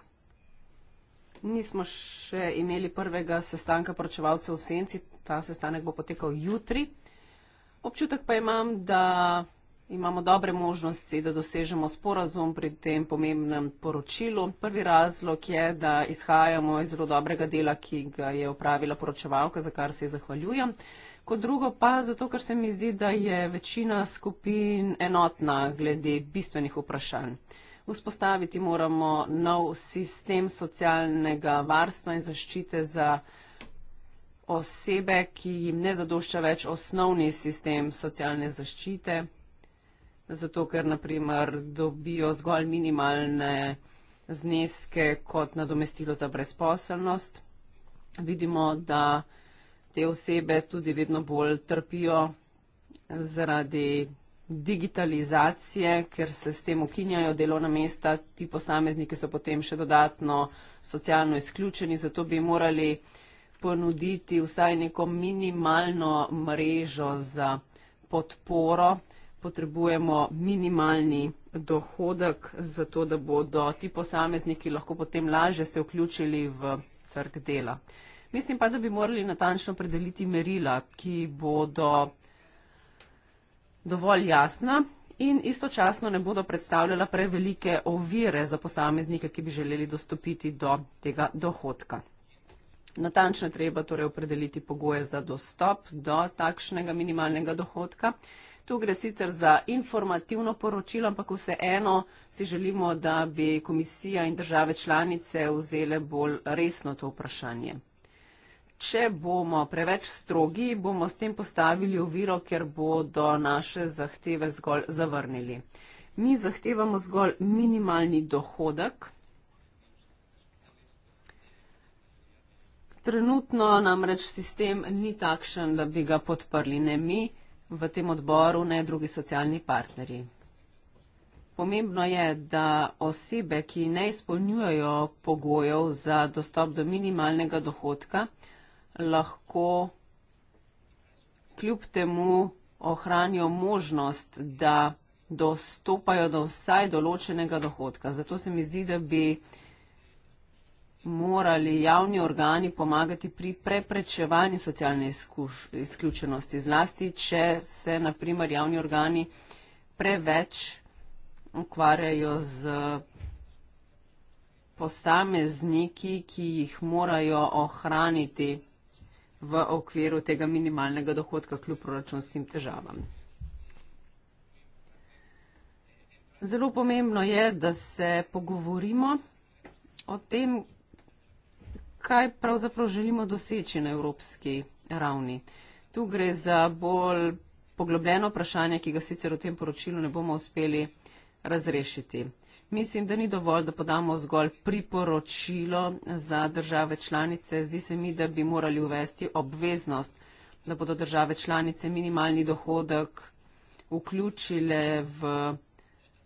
Nismo še imeli prvega sestanka poročevalcev v senci, ta sestanek bo potekal jutri. Občutek pa imam, da imamo dobre možnosti, da dosežemo sporazum pri tem pomembnem poročilu. Prvi razlog je, da izhajamo iz zelo dobrega dela, ki ga je opravila poročevalka, za kar se ji zahvaljujem. Kot drugo pa zato, ker se mi zdi, da je večina skupin enotna glede bistvenih vprašanj. Vzpostaviti moramo nov sistem socialnega varstva in zaščite za osebe, ki jim ne zadošča več osnovni sistem socialne zaščite, zato ker naprimer dobijo zgolj minimalne zneske kot nadomestilo za brezposelnost. Vidimo, da te osebe tudi vedno bolj trpijo zaradi digitalizacije, ker se s tem ukinjajo delovna mesta, ti posamezniki so potem še dodatno socialno izključeni, zato bi morali ponuditi vsaj neko minimalno mrežo za podporo. Potrebujemo minimalni dohodek, zato da bodo ti posamezniki lahko potem lažje se vključili v trg dela. Mislim pa, da bi morali natančno predeliti merila, ki bodo dovolj jasna in istočasno ne bodo predstavljala prevelike ovire za posameznike, ki bi želeli dostopiti do tega dohodka. Natančno treba torej opredeliti pogoje za dostop do takšnega minimalnega dohodka. Tu gre sicer za informativno poročilo, ampak vseeno si želimo, da bi komisija in države članice vzele bolj resno to vprašanje če bomo preveč strogi, bomo s tem postavili oviro, ker bodo naše zahteve zgolj zavrnili. Mi zahtevamo zgolj minimalni dohodek. Trenutno namreč sistem ni takšen, da bi ga podprli ne mi v tem odboru, ne drugi socialni partnerji. Pomembno je, da osebe, ki ne izpolnjujejo pogojev za dostop do minimalnega dohodka, lahko kljub temu ohranijo možnost, da dostopajo do vsaj določenega dohodka. Zato se mi zdi, da bi morali javni organi pomagati pri preprečevanju socialne izključenosti, zlasti, če se, na primer, javni organi preveč ukvarjajo z posamezniki, ki jih morajo ohraniti v okviru tega minimalnega dohodka kljub proračunskim težavam. Zelo pomembno je, da se pogovorimo o tem, kaj pravzaprav želimo doseči na evropski ravni. Tu gre za bolj poglobljeno vprašanje, ki ga sicer v tem poročilu ne bomo uspeli razrešiti. Mislim, da ni dovolj, da podamo zgolj priporočilo za države članice. Zdi se mi, da bi morali uvesti obveznost, da bodo države članice minimalni dohodek vključile v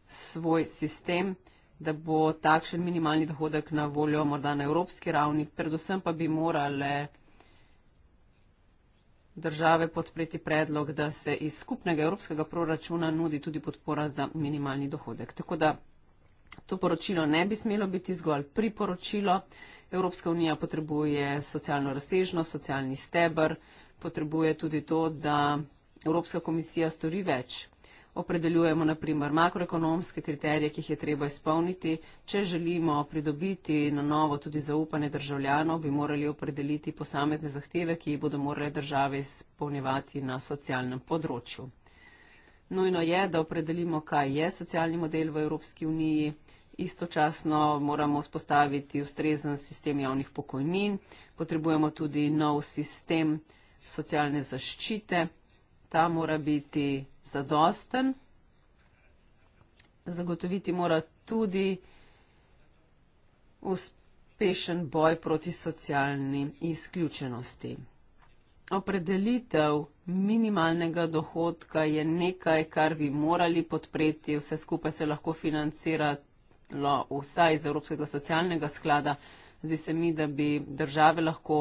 svoj sistem, da bo takšen minimalni dohodek na voljo morda na evropski ravni. Predvsem pa bi morale države podpreti predlog, da se iz skupnega evropskega proračuna nudi tudi podpora za minimalni dohodek. Tako da To poročilo ne bi smelo biti zgolj priporočilo. Evropska unija potrebuje socialno razsežnost, socialni stebr, potrebuje tudi to, da Evropska komisija stori več. Opredeljujemo naprimer makroekonomske kriterije, ki jih je treba izpolniti. Če želimo pridobiti na novo tudi zaupanje državljanov, bi morali opredeliti posamezne zahteve, ki jih bodo morale države izpolnjevati na socialnem področju. Nujno je, da opredelimo, kaj je socialni model v Evropski uniji. Istočasno moramo spostaviti ustrezen sistem javnih pokojnin, potrebujemo tudi nov sistem socialne zaščite. Ta mora biti zadosten. Zagotoviti mora tudi uspešen boj proti socialni izključenosti opredelitev minimalnega dohodka je nekaj, kar bi morali podpreti, vse skupaj se lahko financiralo vsaj iz Evropskega socialnega sklada. Zdi se mi, da bi države lahko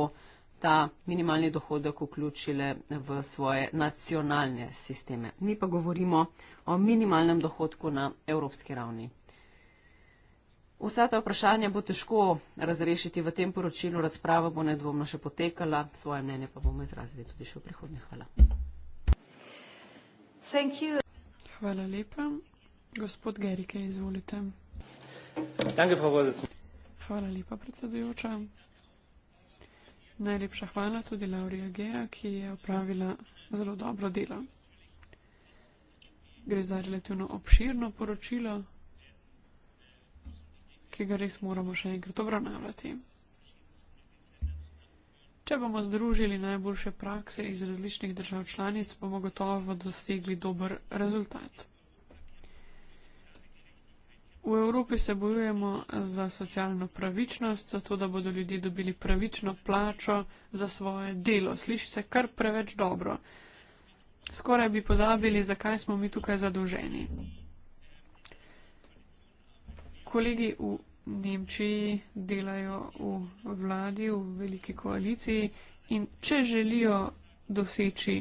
ta minimalni dohodek vključile v svoje nacionalne sisteme. Mi pa govorimo o minimalnem dohodku na evropski ravni. Vsa ta vprašanja bo težko razrešiti v tem poročilu, razprava bo nedvomno še potekala, svoje mnenje pa bomo izrazili tudi še v prihodnje. Hvala. Hvala lepa. Gospod Gerike, izvolite. Hvala lepa, predsedujoča. Najlepša hvala tudi Laurija Gea, ki je opravila zelo dobro delo. Gre za relativno obširno poročilo, ki ga res moramo še enkrat obravnavati. Če bomo združili najboljše prakse iz različnih držav članic, bomo gotovo dosegli dober rezultat. V Evropi se bojujemo za socialno pravičnost, zato da bodo ljudje dobili pravično plačo za svoje delo. Sliši se kar preveč dobro. Skoraj bi pozabili, zakaj smo mi tukaj zadolženi. Kolegi v Nemčiji delajo v vladi, v veliki koaliciji in če želijo doseči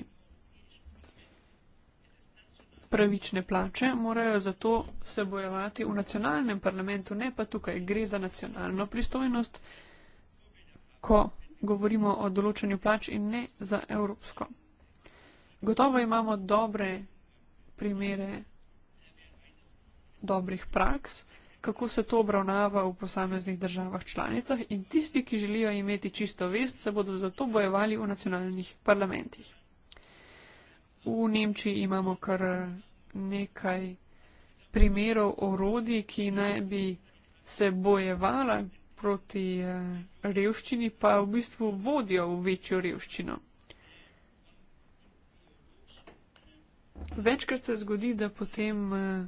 pravične plače, morajo zato se bojevati v nacionalnem parlamentu, ne pa tukaj. Gre za nacionalno pristojnost, ko govorimo o določanju plač in ne za evropsko. Gotovo imamo dobre primere dobrih praks kako se to obravnava v posameznih državah članicah in tisti, ki želijo imeti čisto vest, se bodo zato bojevali v nacionalnih parlamentih. V Nemčiji imamo kar eh, nekaj primerov orodij, ki naj bi se bojevala proti eh, revščini, pa v bistvu vodijo v večjo revščino. Večkrat se zgodi, da potem eh,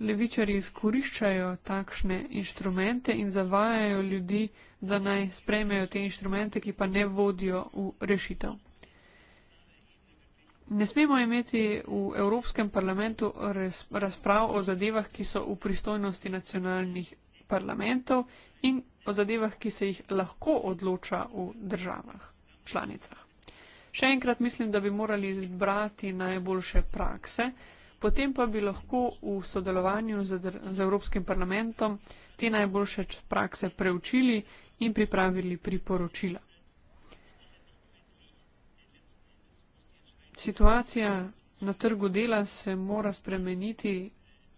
levičari izkoriščajo takšne inštrumente in zavajajo ljudi, da naj sprejmejo te inštrumente, ki pa ne vodijo v rešitev. Ne smemo imeti v Evropskem parlamentu res, razprav o zadevah, ki so v pristojnosti nacionalnih parlamentov in o zadevah, ki se jih lahko odloča v državah, članicah. Še enkrat mislim, da bi morali zbrati najboljše prakse, potem pa bi lahko v sodelovanju z, z Evropskim parlamentom te najboljše prakse preučili in pripravili priporočila. Situacija na trgu dela se mora spremeniti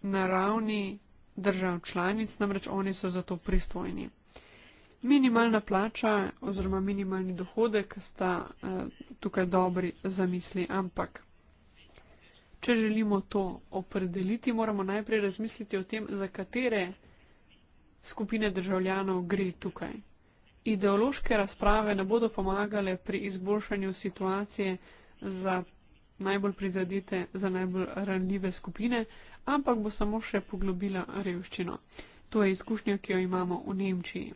na ravni držav članic, namreč oni so za to pristojni. Minimalna plača oziroma minimalni dohodek sta eh, tukaj dobri zamisli, ampak če želimo to opredeliti, moramo najprej razmisliti o tem, za katere skupine državljanov gre tukaj. Ideološke razprave ne bodo pomagale pri izboljšanju situacije za najbolj prizadete, za najbolj ranljive skupine, ampak bo samo še poglobila revščino. To je izkušnja, ki jo imamo v Nemčiji.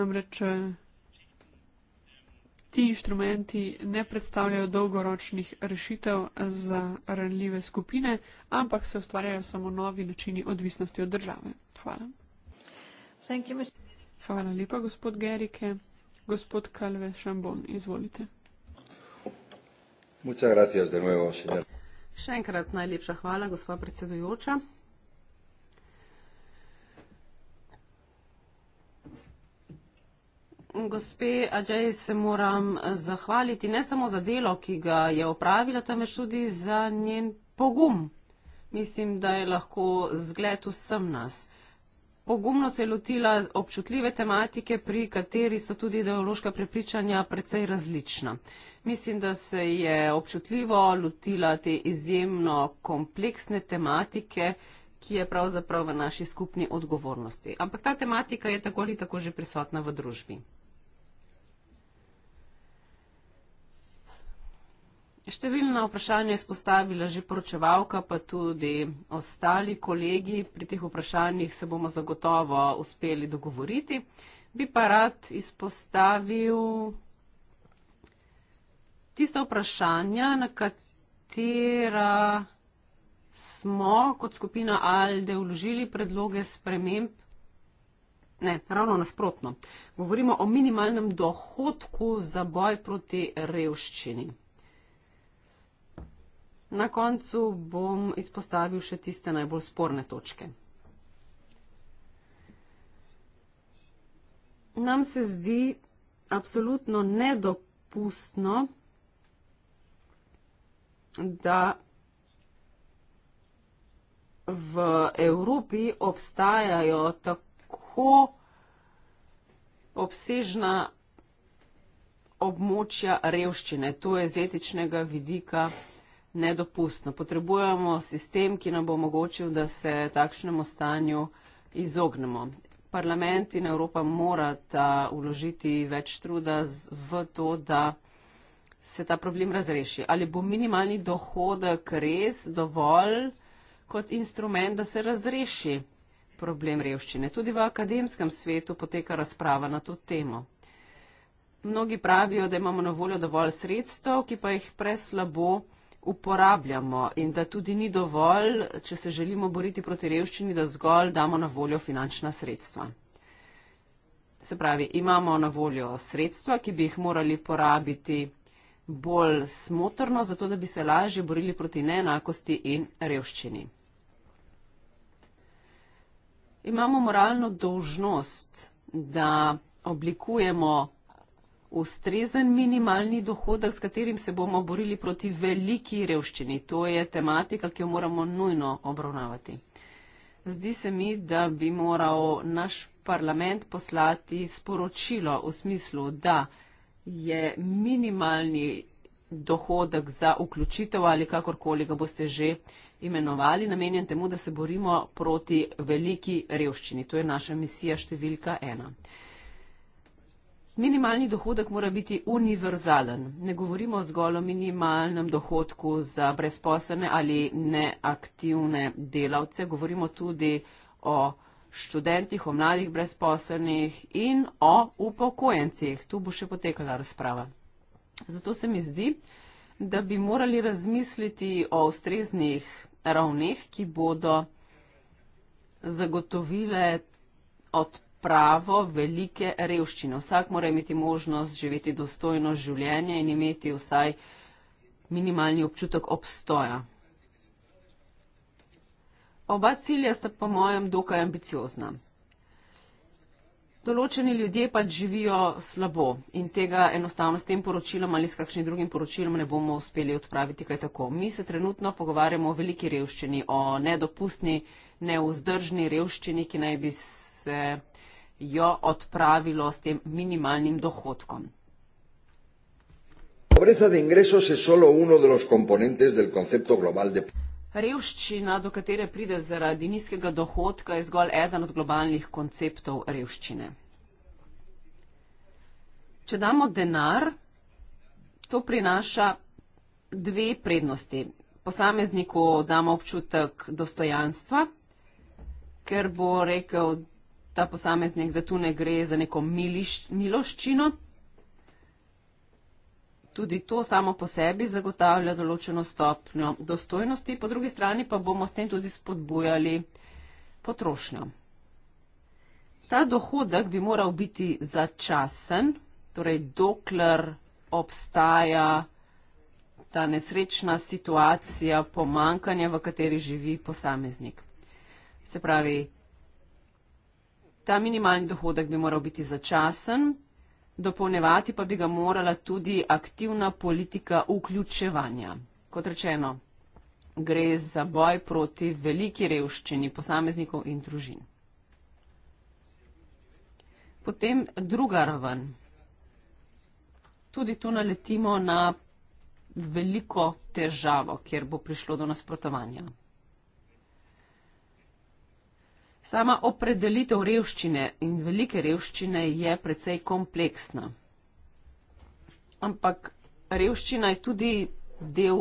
Namreč ti inštrumenti ne predstavljajo dolgoročnih rešitev za ranljive skupine, ampak se ustvarjajo samo novi načini odvisnosti od države. Hvala. Hvala lepa, gospod Gerike. Gospod Kalve Šambon, izvolite. Gracias, nuevo, Še enkrat najlepša hvala, gospod predsedujoča. gospe Ađej se moram eh, zahvaliti ne samo za delo, ki ga je opravila, temveč tudi za njen pogum. Mislim, da je lahko zgled vsem nas. Pogumno se je lotila občutljive tematike, pri kateri so tudi ideološka prepričanja precej različna. Mislim, da se je občutljivo lotila te izjemno kompleksne tematike, ki je pravzaprav v naši skupni odgovornosti. Ampak ta tematika je tako ali tako že prisotna v družbi. številna vprašanja izpostavila že poročevalka, pa tudi ostali kolegi. Pri teh vprašanjih se bomo zagotovo uspeli dogovoriti. Bi pa rad izpostavil tiste vprašanja, na katera smo kot skupina Alde vložili predloge sprememb. Ne, ravno nasprotno. Govorimo o minimalnem dohodku za boj proti revščini. Na koncu bom izpostavil še tiste najbolj sporne točke. Nam se zdi absolutno nedopustno, da v Evropi obstajajo tako obsežna območja revščine, to je z etičnega vidika nedopustno. Potrebujemo sistem, ki nam bo omogočil, da se takšnemu stanju izognemo. Parlament in Evropa morata uložiti več truda v to, da se ta problem razreši. Ali bo minimalni dohodek res dovolj kot instrument, da se razreši problem revščine? Tudi v akademskem svetu poteka razprava na to temo. Mnogi pravijo, da imamo na voljo dovolj sredstev, ki pa jih preslabo uporabljamo in da tudi ni dovolj, če se želimo boriti proti revščini, da zgolj damo na voljo finančna sredstva. Se pravi, imamo na voljo sredstva, ki bi jih morali porabiti bolj smotrno, zato da bi se lažje borili proti neenakosti in revščini. Imamo moralno dožnost, da oblikujemo ustrezen minimalni dohodek, s katerim se bomo borili proti veliki revščini. To je tematika, ki jo moramo nujno obravnavati. Zdi se mi, da bi moral naš parlament poslati sporočilo v smislu, da je minimalni dohodek za vključitev ali kakorkoli ga boste že imenovali, namenjen temu, da se borimo proti veliki revščini. To je naša misija številka ena. Minimalni dohodek mora biti univerzalen. Ne govorimo zgolj o minimalnem dohodku za brezposene ali neaktivne delavce, govorimo tudi o študentih, o mladih brezposenih in o upokojencih. Tu bo še potekala razprava. Zato se mi zdi, da bi morali razmisliti o ustreznih ravneh, ki bodo zagotovile odprtje pravo velike revščine. Vsak mora imeti možnost živeti dostojno življenje in imeti vsaj minimalni občutek obstoja. Oba cilja sta po mojem dokaj ambiciozna. Določeni ljudje pač živijo slabo in tega enostavno s tem poročilom ali s kakšnim drugim poročilom ne bomo uspeli odpraviti kaj tako. Mi se trenutno pogovarjamo o veliki revščini, o nedopustni, neuzdržni revščini, ki naj bi se jo odpravilo s tem minimalnim dohodkom. Revščina, do katere pride zaradi nizkega dohodka, je zgolj eden od globalnih konceptov revščine. Če damo denar, to prinaša dve prednosti. Posamezniku damo občutek dostojanstva, ker bo rekel, ta posameznik, da tu ne gre za neko miliš, miloščino. Tudi to samo po sebi zagotavlja določeno stopnjo dostojnosti, po drugi strani pa bomo s tem tudi spodbujali potrošnjo. Ta dohodek bi moral biti začasen, torej dokler obstaja ta nesrečna situacija pomankanja, v kateri živi posameznik. Se pravi, Ta minimalni dohodek bi moral biti začasen, dopolnevati pa bi ga morala tudi aktivna politika vključevanja. Kot rečeno, gre za boj proti veliki revščini posameznikov in družin. Potem druga raven. Tudi tu naletimo na veliko težavo, kjer bo prišlo do nasprotovanja. Sama opredelitev revščine in velike revščine je precej kompleksna. Ampak revščina je tudi del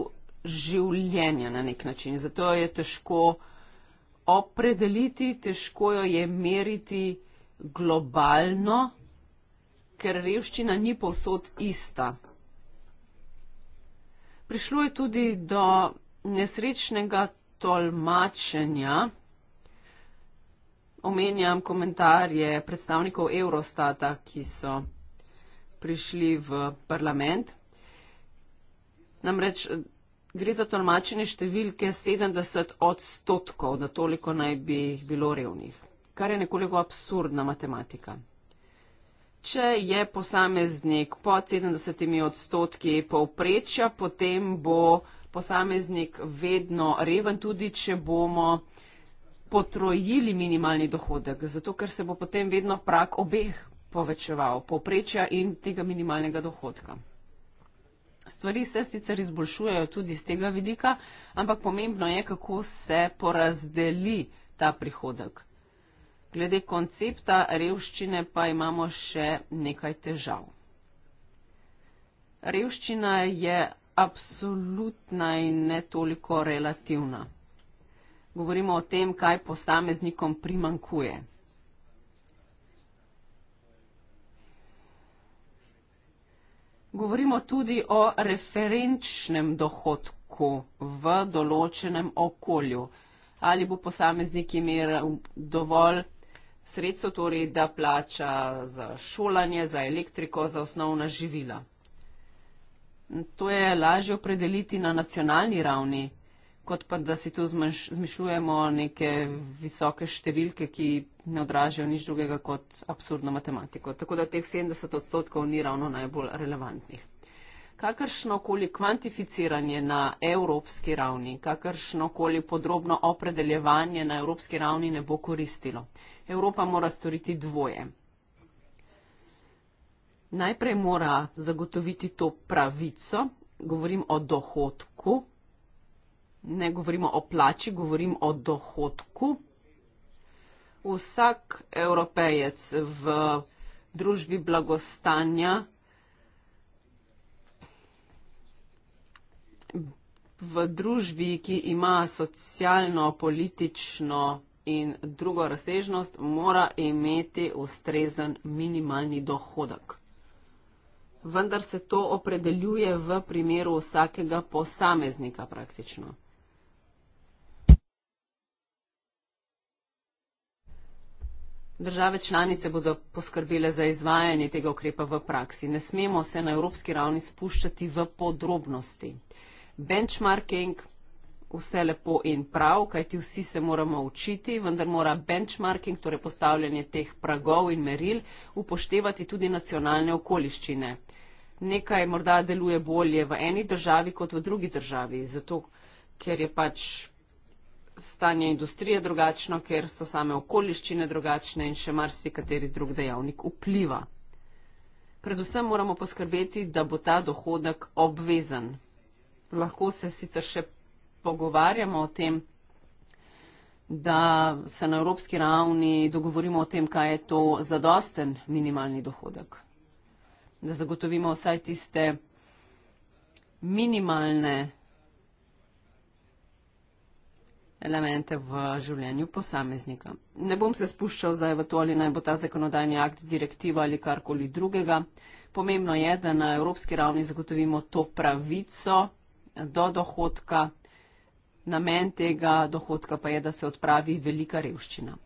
življenja na nek način. Zato jo je težko opredeliti, težko jo je meriti globalno, ker revščina ni povsod ista. Prišlo je tudi do nesrečnega tolmačenja omenjam komentarje predstavnikov Eurostata, ki so prišli v parlament. Namreč eh, gre za tolmačenje številke 70 odstotkov, da toliko naj bi jih bilo revnih, kar je nekoliko absurdna matematika. Če je posameznik pod 70 odstotki povprečja, potem bo posameznik vedno reven, tudi če bomo uh, potrojili minimalni dohodek, zato ker se bo potem vedno prak obeh povečeval, povprečja in tega minimalnega dohodka. Stvari se sicer izboljšujejo tudi z tega vidika, ampak pomembno je, kako se porazdeli ta prihodek. Glede koncepta revščine pa imamo še nekaj težav. Revščina je absolutna in ne toliko relativna govorimo o tem, kaj posameznikom primankuje. Govorimo tudi o referenčnem dohodku v določenem okolju. Ali bo posameznik imel dovolj sredstvo, torej da plača za šolanje, za elektriko, za osnovna živila. To je lažje opredeliti na nacionalni ravni, kot pa da si tu zmanjš, zmišljujemo neke visoke številke, ki ne odražajo nič drugega kot absurdno matematiko. Tako da teh 70 odstotkov ni ravno najbolj relevantnih. Kakršno koli kvantificiranje na evropski ravni, kakršno koli podrobno opredeljevanje na evropski ravni ne bo koristilo. Evropa mora storiti dvoje. Najprej mora zagotoviti to pravico, govorim o dohodku, ne govorimo o plači, govorim o dohodku. Vsak evropejec v družbi blagostanja v družbi, ki ima socialno, politično in drugo razsežnost, mora imeti ustrezen minimalni dohodek. Vendar se to opredeljuje v primeru vsakega posameznika praktično. Države članice bodo poskrbele za izvajanje tega ukrepa v praksi. Ne smemo se na evropski ravni spuščati v podrobnosti. Benchmarking vse lepo in prav, kajti vsi se moramo učiti, vendar mora benchmarking, torej postavljanje teh pragov in meril, upoštevati tudi nacionalne okoliščine. Nekaj morda deluje bolje v eni državi kot v drugi državi, zato ker je pač stanje industrije drugačno, ker so same okoliščine drugačne in še marsikateri drug dejavnik vpliva. Predvsem moramo poskrbeti, da bo ta dohodek obvezen. Lahko se sicer še pogovarjamo o tem, da se na evropski ravni dogovorimo o tem, kaj je to zadosten minimalni dohodek. Da zagotovimo vsaj tiste minimalne elemente v življenju posameznika. Ne bom se spuščal zdaj v to, ali naj bo ta zakonodajni akt direktiva ali karkoli drugega. Pomembno je, da na evropski ravni zagotovimo to pravico do dohodka. Namen tega dohodka pa je, da se odpravi velika revščina.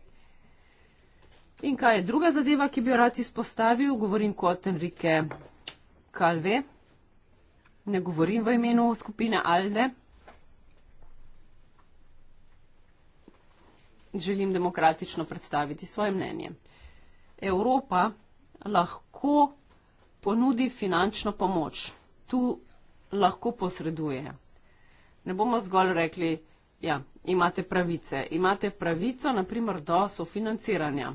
In kaj je druga zadeva, ki bi jo rad izpostavil? Govorim kot Enrique Calve. Ne govorim v imenu skupine Alde. želim demokratično predstaviti svoje mnenje. Evropa lahko ponudi finančno pomoč. Tu lahko posreduje. Ne bomo zgolj rekli, ja, imate pravice. Imate pravico, naprimer, do sofinanciranja.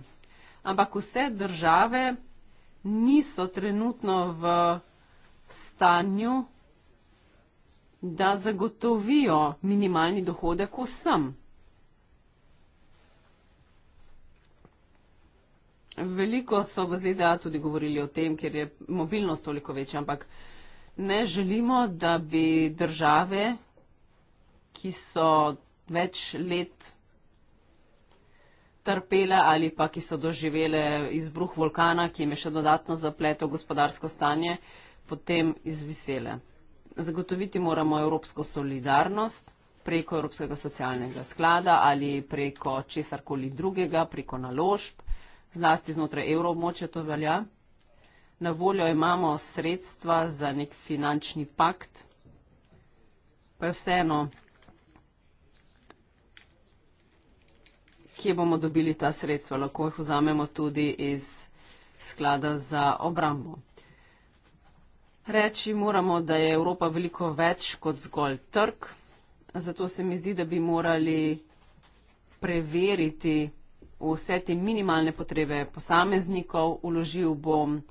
Ampak vse države niso trenutno v stanju, da zagotovijo minimalni dohodek vsem. Veliko so v ZDA tudi govorili o tem, ker je mobilnost toliko večja, ampak ne želimo, da bi države, ki so več let trpele ali pa ki so doživele izbruh vulkana, ki jim je še dodatno zapletel gospodarsko stanje, potem izvisele. Zagotoviti moramo evropsko solidarnost preko Evropskega socialnega sklada ali preko česarkoli drugega, preko naložb zlasti znotraj evroobmočja to velja. Na voljo imamo sredstva za nek finančni pakt, pa je vseeno, kje bomo dobili ta sredstva. Lahko jih vzamemo tudi iz sklada za obrambo. Reči moramo, da je Evropa veliko več kot zgolj trg, zato se mi zdi, da bi morali preveriti, vse te minimalne potrebe posameznikov, uložil bom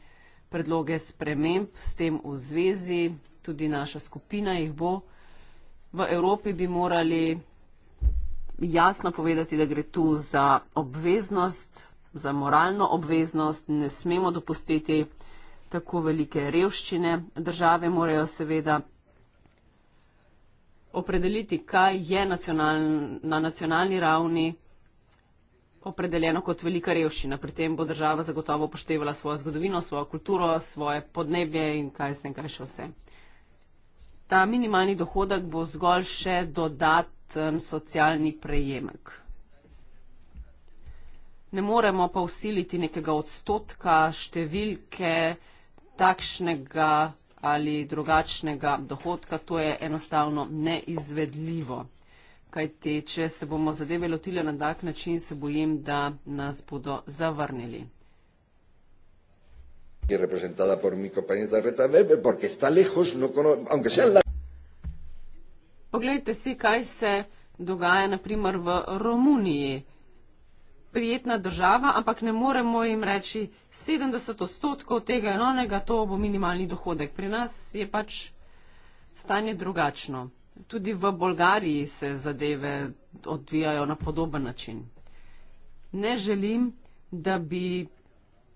predloge sprememb s tem v zvezi, tudi naša skupina jih bo. V Evropi bi morali jasno povedati, da gre tu za obveznost, za moralno obveznost, ne smemo dopustiti tako velike revščine. Države morajo seveda opredeliti, kaj je nacional, na nacionalni ravni opredeljeno kot velika revščina. Pri tem bo država zagotovo upoštevala svojo zgodovino, svojo kulturo, svoje podnebje in kaj se nekaj še vse. Ta minimalni dohodek bo zgolj še dodaten socialni prejemek. Ne moremo pa usiliti nekega odstotka, številke takšnega ali drugačnega dohodka. To je enostavno neizvedljivo kaj te, če se bomo zadeve lotili na tak način, se bojim, da nas bodo zavrnili. No Poglejte si, kaj se dogaja naprimer v Romuniji. Prijetna država, ampak ne moremo jim reči 70 odstotkov tega enonega, to bo minimalni dohodek. Pri nas je pač stanje drugačno. Tudi v Bolgariji se zadeve odvijajo na podoben način. Ne želim, da bi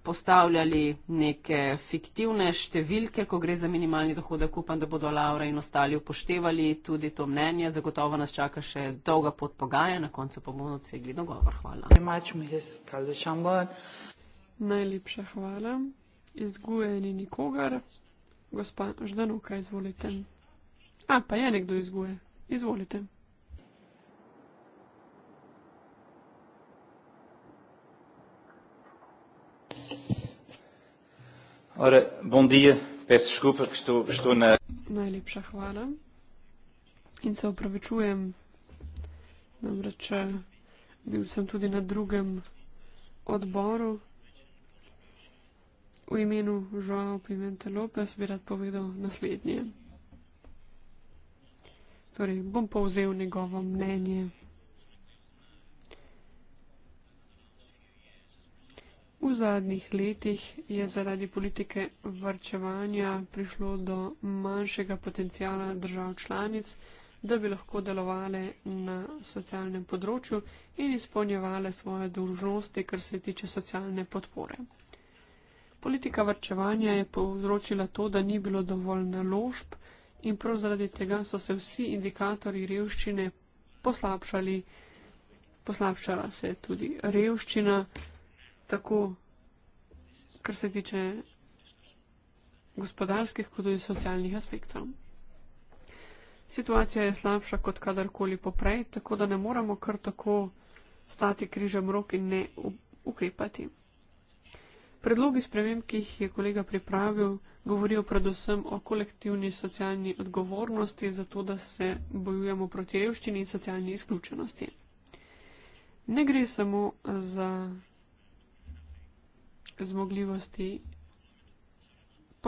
postavljali neke fiktivne številke, ko gre za minimalni dohodek. Upam, da bodo Laura in ostali upoštevali tudi to mnenje. Zagotovo nas čaka še dolga pot pogaja, na koncu pa bomo odsegli dogovor. Hvala. Najlepša hvala. Izguje ni nikogar. Gospa Ždanuka, izvolite. A, pa je nekdo iz Goje. Izvolite. Ora, bom dia, peço desculpa que estou, estou na... Najlepša hvala. In se opravičujem, namreč eh, bil sem tudi na drugem odboru. V imenu Joao Pimentel Lopez bi rad povedal naslednje. Torej, bom povzel njegovo mnenje. V zadnjih letih je zaradi politike vrčevanja prišlo do manjšega potencijala držav članic, da bi lahko delovale na socialnem področju in izpolnjevale svoje dolžnosti, kar se tiče socialne podpore. Politika vrčevanja je povzročila to, da ni bilo dovolj naložb, in prav zaradi tega so se vsi indikatorji revščine poslabšali. Poslabšala se je tudi revščina, tako kar se tiče gospodarskih, kot tudi socialnih aspektov. Situacija je slabša kot kadarkoli poprej, tako da ne moramo kar tako stati križem rok in ne ukrepati. Predlogi sprememb, ki jih je kolega pripravil, govorijo predvsem o kolektivni socialni odgovornosti, zato da se bojujemo proti revščini in socialni izključenosti. Ne gre samo za zmogljivosti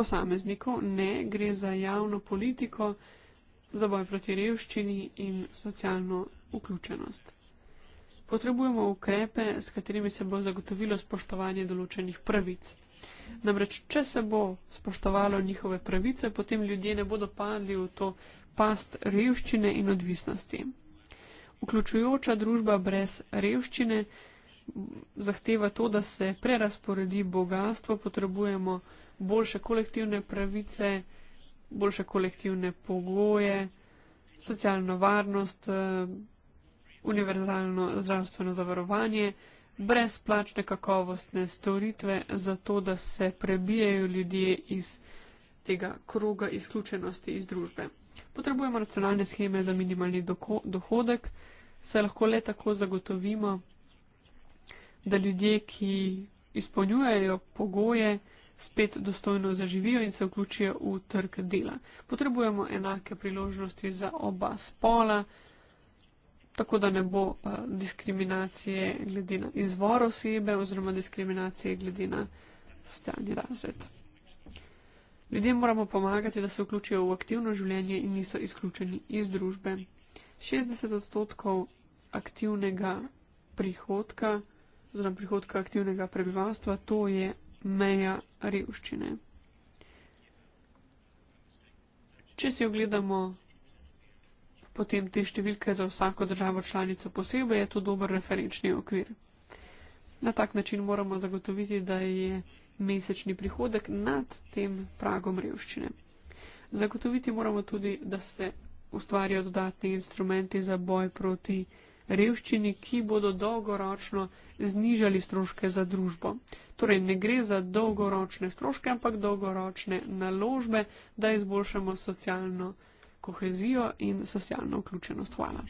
posameznikov, ne gre za javno politiko, za boj proti revščini in socialno vključenost potrebujemo ukrepe, s katerimi se bo zagotovilo spoštovanje določenih pravic. Namreč, če se bo spoštovalo njihove pravice, potem ljudje ne bodo padli v to past revščine in odvisnosti. Vključujoča družba brez revščine zahteva to, da se prerasporedi bogatstvo, potrebujemo boljše kolektivne pravice, boljše kolektivne pogoje, socialno varnost. Eh, univerzalno zdravstveno zavarovanje, brezplačne kakovostne storitve, zato da se prebijajo ljudje iz tega kroga izključenosti iz družbe. Potrebujemo racionalne scheme za minimalni dohodek, se lahko le tako zagotovimo, da ljudje, ki izpolnjujejo pogoje, spet dostojno zaživijo in se vključijo v trg dela. Potrebujemo enake priložnosti za oba spola tako da ne bo uh, diskriminacije glede na izvor osebe oziroma diskriminacije glede na socialni razred. Ljudem moramo pomagati, da se vključijo v aktivno življenje in niso izključeni iz družbe. 60 odstotkov aktivnega prihodka oziroma prihodka aktivnega prebivalstva, to je meja revščine. Če si ogledamo potem te številke za vsako državo članico posebej, je to dober referenčni okvir. Na tak način moramo zagotoviti, da je mesečni prihodek nad tem pragom revščine. Zagotoviti moramo tudi, da se ustvarjajo dodatni instrumenti za boj proti revščini, ki bodo dolgoročno znižali stroške za družbo. Torej, ne gre za dolgoročne stroške, ampak dolgoročne naložbe, da izboljšamo socialno kohezijo in socialno vključenost. Hvala.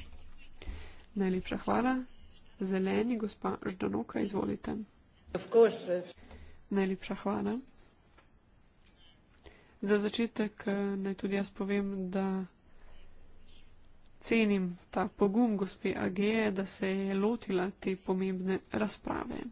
Najlepša hvala. Zeleni, gospa Ždanoka, izvolite. Eh. Najlepša hvala. Za začetek eh, naj tudi jaz povem, da cenim ta pogum gospe Ageje, da se je lotila te pomembne razprave.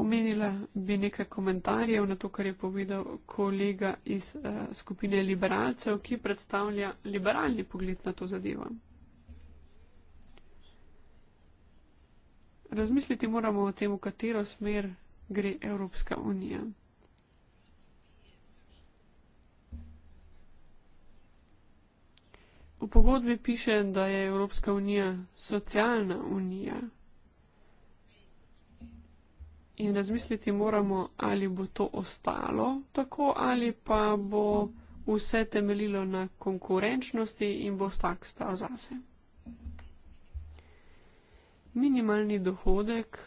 Omenila bi nekaj komentarjev na to, kar je povedal kolega iz uh, skupine liberalcev, ki predstavlja liberalni pogled na to zadevo. Razmisliti moramo o tem, v katero smer gre Evropska unija. V pogodbi piše, da je Evropska unija socialna unija in razmisliti moramo, ali bo to ostalo tako ali pa bo vse temeljilo na konkurenčnosti in bo vsak stal zase. Minimalni dohodek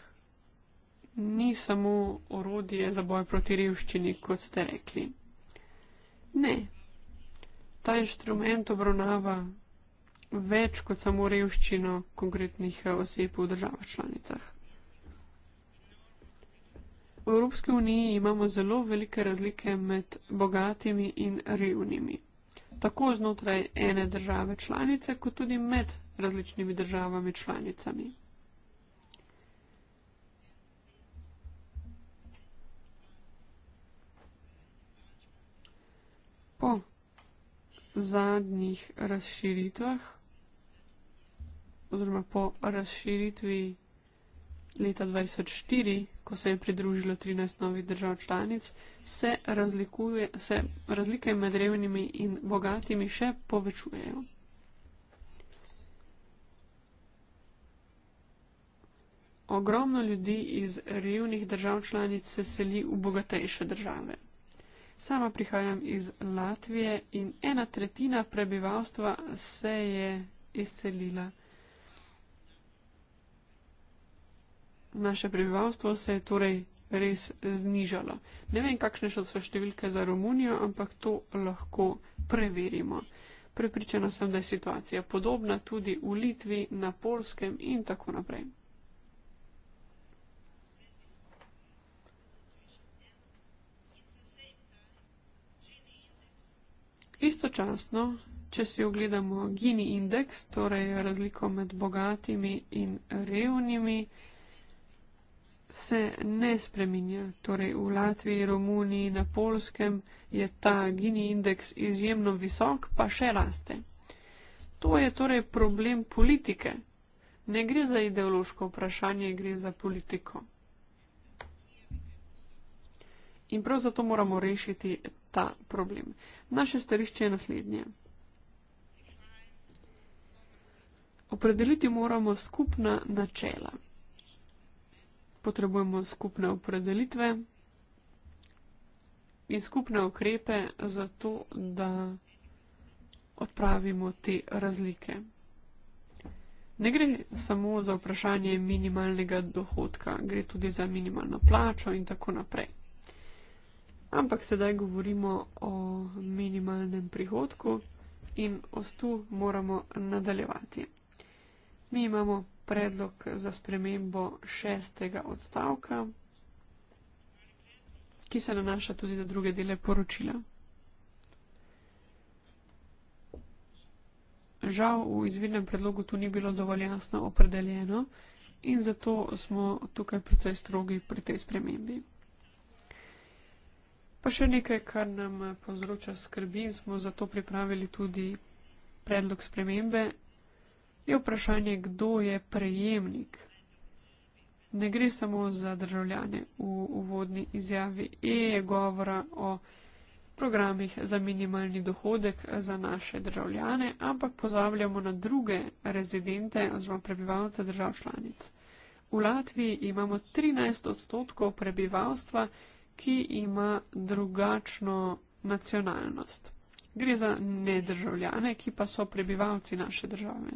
ni samo orodje za boj proti revščini, kot ste rekli. Ne, ta inštrument obravnava več kot samo revščino konkretnih eh, oseb v državah članicah. V Evropski uniji imamo zelo velike razlike med bogatimi in revnimi. Tako znotraj ene države članice, kot tudi med različnimi državami članicami. Po zadnjih razširitvah, oziroma po razširitvi leta 2004, ko se je pridružilo 13 novih držav članic, se, se razlike med revnimi in bogatimi še povečujejo. Ogromno ljudi iz revnih držav članic se seli v bogatejše države. Sama prihajam iz Latvije in ena tretjina prebivalstva se je izselila. naše prebivalstvo se je torej res znižalo. Ne vem, kakšne so vse številke za Romunijo, ampak to lahko preverimo. Prepričana sem, da je situacija podobna tudi v Litvi, na Polskem in tako naprej. Istočasno, če si ogledamo Gini indeks, torej razliko med bogatimi in revnimi, se ne spreminja. Torej v Latviji, Romuniji, na Polskem je ta gini indeks izjemno visok, pa še raste. To je torej problem politike. Ne gre za ideološko vprašanje, gre za politiko. In prav zato moramo rešiti ta problem. Naše starišče je naslednje. Opredeliti moramo skupna načela potrebujemo skupne opredelitve in skupne ukrepe za to, da odpravimo te razlike. Ne gre samo za vprašanje minimalnega dohodka, gre tudi za minimalno plačo in tako naprej. Ampak sedaj govorimo o minimalnem prihodku in ostu moramo nadaljevati. Mi imamo predlog za spremembo šestega odstavka, ki se nanaša tudi na druge dele poročila. Žal v izvirnem predlogu to ni bilo dovolj jasno opredeljeno in zato smo tukaj precej strogi pri tej spremembi. Pa še nekaj, kar nam povzroča skrbi, smo zato pripravili tudi predlog spremembe je vprašanje, kdo je prejemnik. Ne gre samo za državljane. V uvodni izjavi E je govora o programih za minimalni dohodek za naše državljane, ampak pozabljamo na druge rezidente oziroma prebivalce držav članic. V Latviji imamo 13 odstotkov prebivalstva, ki ima drugačno nacionalnost. Gre za nedržavljane, ki pa so prebivalci naše države.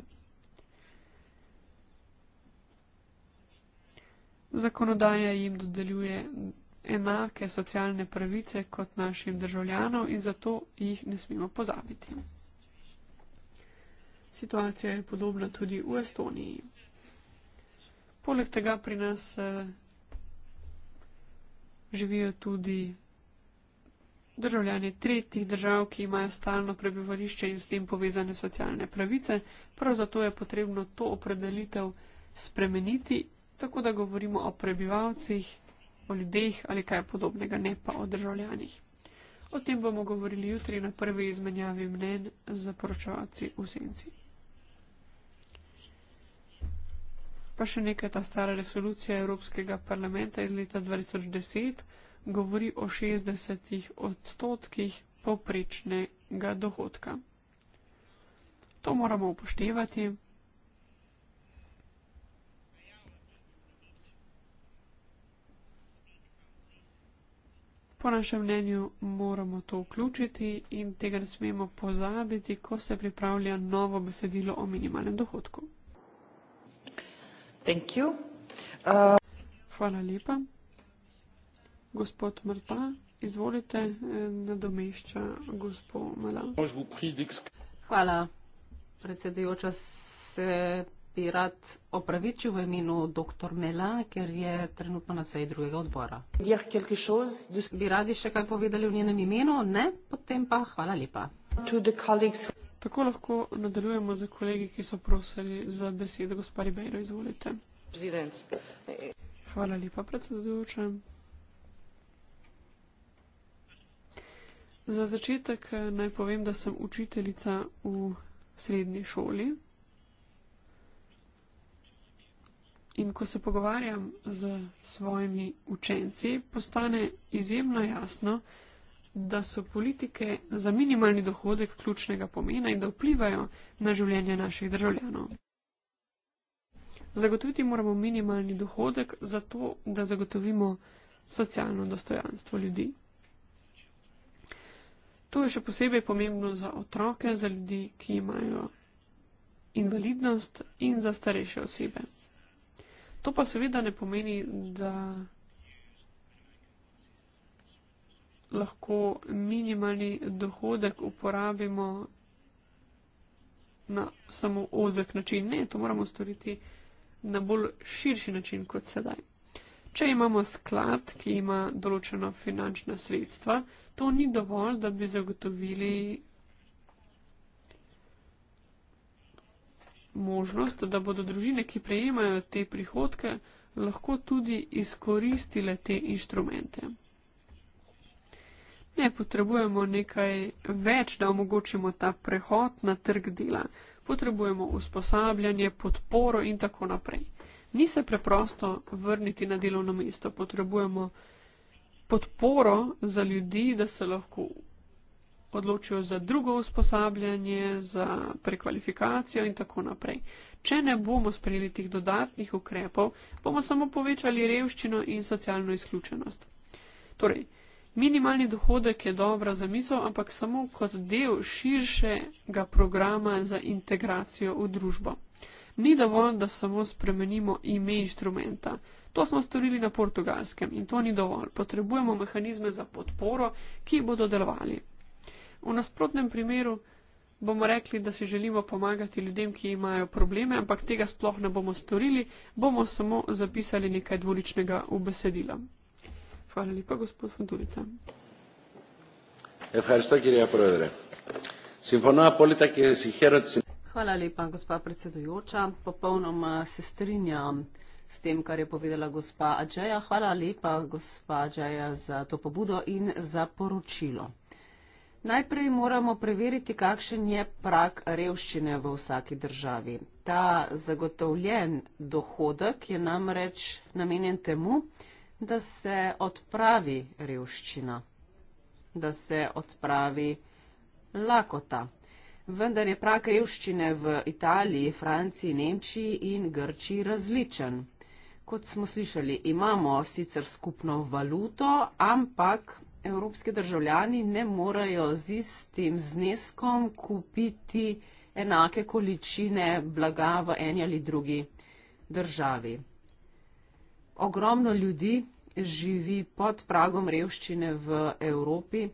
Zakonodaja jim dodeljuje enake socialne pravice kot našim državljanom in zato jih ne smemo pozabiti. Situacija je podobna tudi v Estoniji. Poleg tega pri nas eh, živijo tudi državljani tretjih držav, ki imajo stalno prebivališče in s tem povezane socialne pravice. Prav zato je potrebno to opredelitev spremeniti tako da govorimo o prebivalcih, o ljudeh ali kaj podobnega, ne pa o državljanih. O tem bomo govorili jutri na prvi izmenjavi mnen z poročevalci v senci. Pa še nekaj, ta stara resolucija Evropskega parlamenta iz leta 2010 govori o 60 odstotkih povprečnega dohodka. To moramo upoštevati. Po našem mnenju moramo to vključiti in tega ne smemo pozabiti, ko se pripravlja novo besedilo o minimalnem dohodku. Uh, Hvala lepa. Gospod Mrta, izvolite, nadomešča gospod Mrta. Hvala, predsedujoča se bi rad opravičil v imenu dr. Mela, ker je trenutno na seji drugega odbora. Bi radi še kaj povedali v njenem imenu? Ne, potem pa hvala lepa. Tako lahko nadaljujemo za kolegi, ki so prosili za besedo, gospod Ribeiro, izvolite. Hvala lepa, predsedujoče. Za začetek eh, naj povem, da sem učiteljica v srednji šoli, In ko se pogovarjam z svojimi učenci, postane izjemno jasno, da so politike za minimalni dohodek ključnega pomena in da vplivajo na življenje naših državljanov. Zagotoviti moramo minimalni dohodek za to, da zagotovimo socialno dostojanstvo ljudi. To je še posebej pomembno za otroke, za ljudi, ki imajo invalidnost in za starejše osebe. To pa seveda ne pomeni, da lahko minimalni dohodek uporabimo na samo ozek način. Ne, to moramo storiti na bolj širši način kot sedaj. Če imamo sklad, ki ima določeno finančna sredstva, to ni dovolj, da bi zagotovili možnost, da bodo družine, ki prejemajo te prihodke, lahko tudi izkoristile te inštrumente. Ne potrebujemo nekaj več, da omogočimo ta prehod na trg dela. Potrebujemo usposabljanje, podporo in tako naprej. Ni se preprosto vrniti na delovno mesto. Potrebujemo podporo za ljudi, da se lahko odločijo za drugo usposabljanje, za prekvalifikacijo in tako naprej. Če ne bomo sprejeli teh dodatnih ukrepov, bomo samo povečali revščino in socialno izključenost. Torej, minimalni dohodek je dobra zamisel, ampak samo kot del širšega programa za integracijo v družbo. Ni dovolj, da samo spremenimo ime inštrumenta. To smo storili na portugalskem in to ni dovolj. Potrebujemo mehanizme za podporo, ki bodo delovali. V nasprotnem primeru bomo rekli, da si želimo pomagati ljudem, ki imajo probleme, ampak tega sploh ne bomo storili, bomo samo zapisali nekaj dvoličnega v besedila. Hvala lepa, gospod Fundulica. Hvala lepa, gospa predsedujoča. Popolnoma se strinjam s tem, kar je povedala gospa Adžeja. Hvala lepa, gospa Adžeja, za to pobudo in za poročilo. Najprej moramo preveriti, kakšen je prak revščine v vsaki državi. Ta zagotovljen dohodek je namreč namenjen temu, da se odpravi revščina, da se odpravi lakota. Vendar je prak revščine v Italiji, Franciji, Nemčiji in Grčiji različen. Kot smo slišali, imamo sicer skupno valuto, ampak evropski državljani ne morejo z istim zneskom kupiti enake količine blaga v eni ali drugi državi. Ogromno ljudi živi pod pragom revščine v Evropi,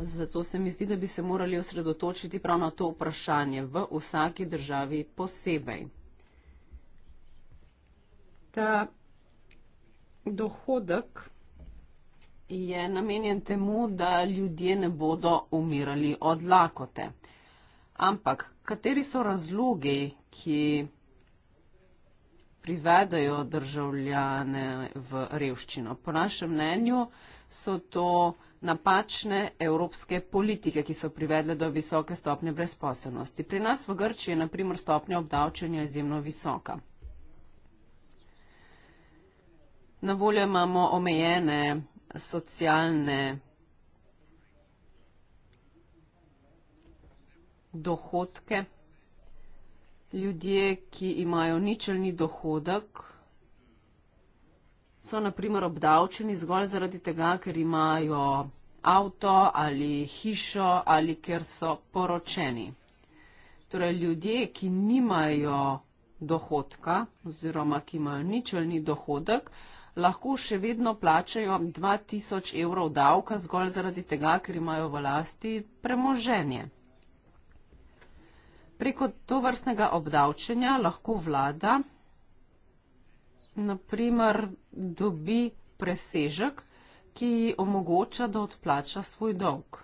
zato se mi zdi, da bi se morali osredotočiti prav na to vprašanje v vsaki državi posebej. Ta dohodek, je namenjen temu, da ljudje ne bodo umirali od lakote. Ampak kateri so razlogi, ki privedajo državljane v revščino? Po našem mnenju so to napačne evropske politike, ki so privedle do visoke stopnje brezposobnosti. Pri nas v Grčiji je naprimer stopnja obdavčenja izjemno visoka. Na voljo imamo omejene socialne dohodke. Ljudje, ki imajo ničelni dohodek, so naprimer obdavčeni zgolj zaradi tega, ker imajo avto ali hišo ali ker so poročeni. Torej, ljudje, ki nimajo dohodka oziroma ki imajo ničelni dohodek, lahko še vedno plačajo 2000 evrov davka zgolj zaradi tega, ker imajo v lasti premoženje. Preko to vrstnega obdavčenja lahko vlada naprimer dobi presežek, ki omogoča, da odplača svoj dolg.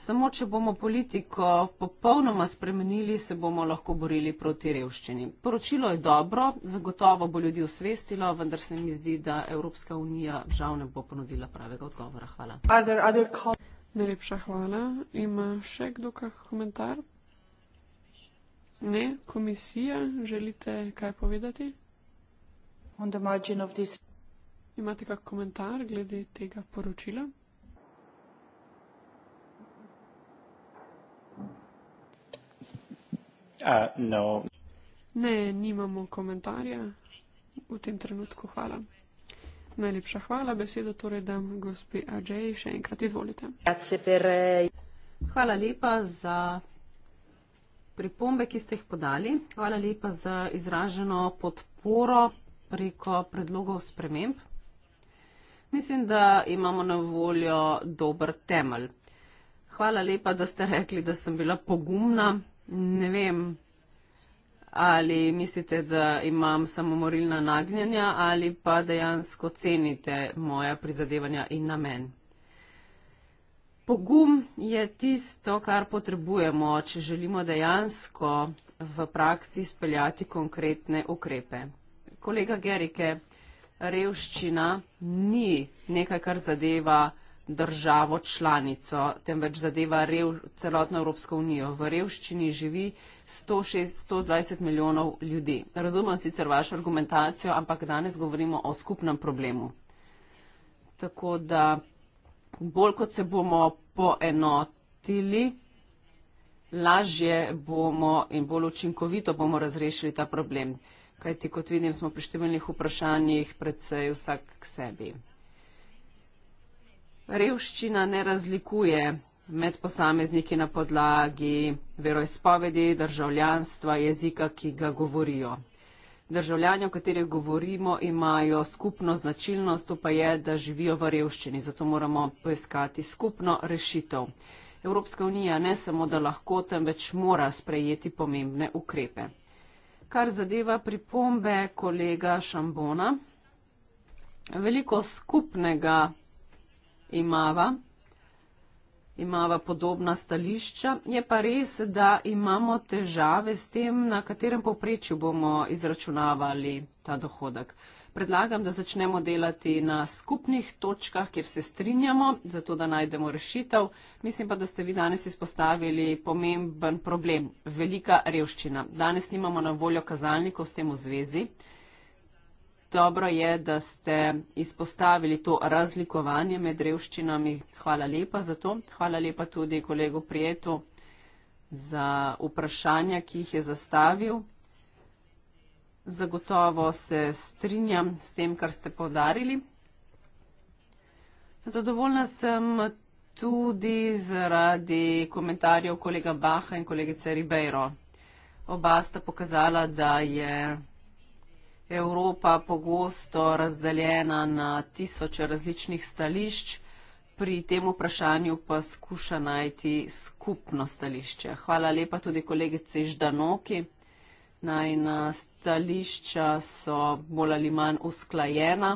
Samo, če bomo politiko popolnoma spremenili, se bomo lahko borili proti revščini. Poročilo je dobro, zagotovo bo ljudi osvestilo, vendar se mi zdi, da Evropska unija žal ne bo ponudila pravega odgovora. Hvala. Najlepša hvala. Ima še kdo kak komentar? Ne, komisija, želite kaj povedati? Imate kak komentar glede tega poročila? no. Ne, nimamo komentarja v tem trenutku. Hvala. Najlepša hvala. Besedo torej dam gospi Ađej. Še enkrat izvolite. Eh, hvala lepa za pripombe, ki ste jih podali. Hvala lepa za izraženo podporo preko predlogov sprememb. Mislim, da imamo na voljo dober temelj. Hvala lepa, da ste rekli, da sem bila pogumna Ne vem, ali mislite, da imam samomorilna nagnjenja ali pa dejansko cenite moja prizadevanja in namen. Pogum je tisto, kar potrebujemo, če želimo dejansko v praksi speljati konkretne ukrepe. Kolega Gerike, revščina ni nekaj, kar zadeva državo članico, temveč zadeva rev, celotno Evropsko unijo. V revščini živi 106-120 milijonov ljudi. Razumem sicer vašo argumentacijo, ampak danes govorimo o skupnem problemu. Tako da bolj kot se bomo poenotili, lažje bomo in bolj učinkovito bomo razrešili ta problem. Kajti, kot vidim, smo pri številnih vprašanjih predvsej vsak k sebi revščina ne razlikuje med posamezniki na podlagi veroizpovedi, državljanstva, jezika, ki ga govorijo. Državljani, o katerih govorimo, imajo skupno značilnost, to pa je, da živijo v revščini, zato moramo poiskati skupno rešitev. Evropska unija ne samo, da lahko, temveč mora sprejeti pomembne ukrepe. Kar zadeva pripombe kolega Šambona, veliko skupnega imava, imava podobna stališča. Je pa res, da imamo težave s tem, na katerem povprečju bomo izračunavali ta dohodek. Predlagam, da začnemo delati na skupnih točkah, kjer se strinjamo, zato da najdemo rešitev. Mislim pa, da ste vi danes izpostavili pomemben problem, velika revščina. Danes nimamo na voljo kazalnikov s tem v zvezi. Dobro je, da ste izpostavili to razlikovanje med revščinami. Hvala lepa za to. Hvala lepa tudi kolegu Prijetu za vprašanja, ki jih je zastavil. Zagotovo se strinjam s tem, kar ste povdarili. Zadovoljna sem tudi zaradi komentarjev kolega Baha in kolegice Ribeiro. Oba sta pokazala, da je Evropa pogosto razdeljena na tisoče različnih stališč, pri tem vprašanju pa skuša najti skupno stališče. Hvala lepa tudi kolegici Ždanoki. Najna stališča so bolj ali manj usklajena,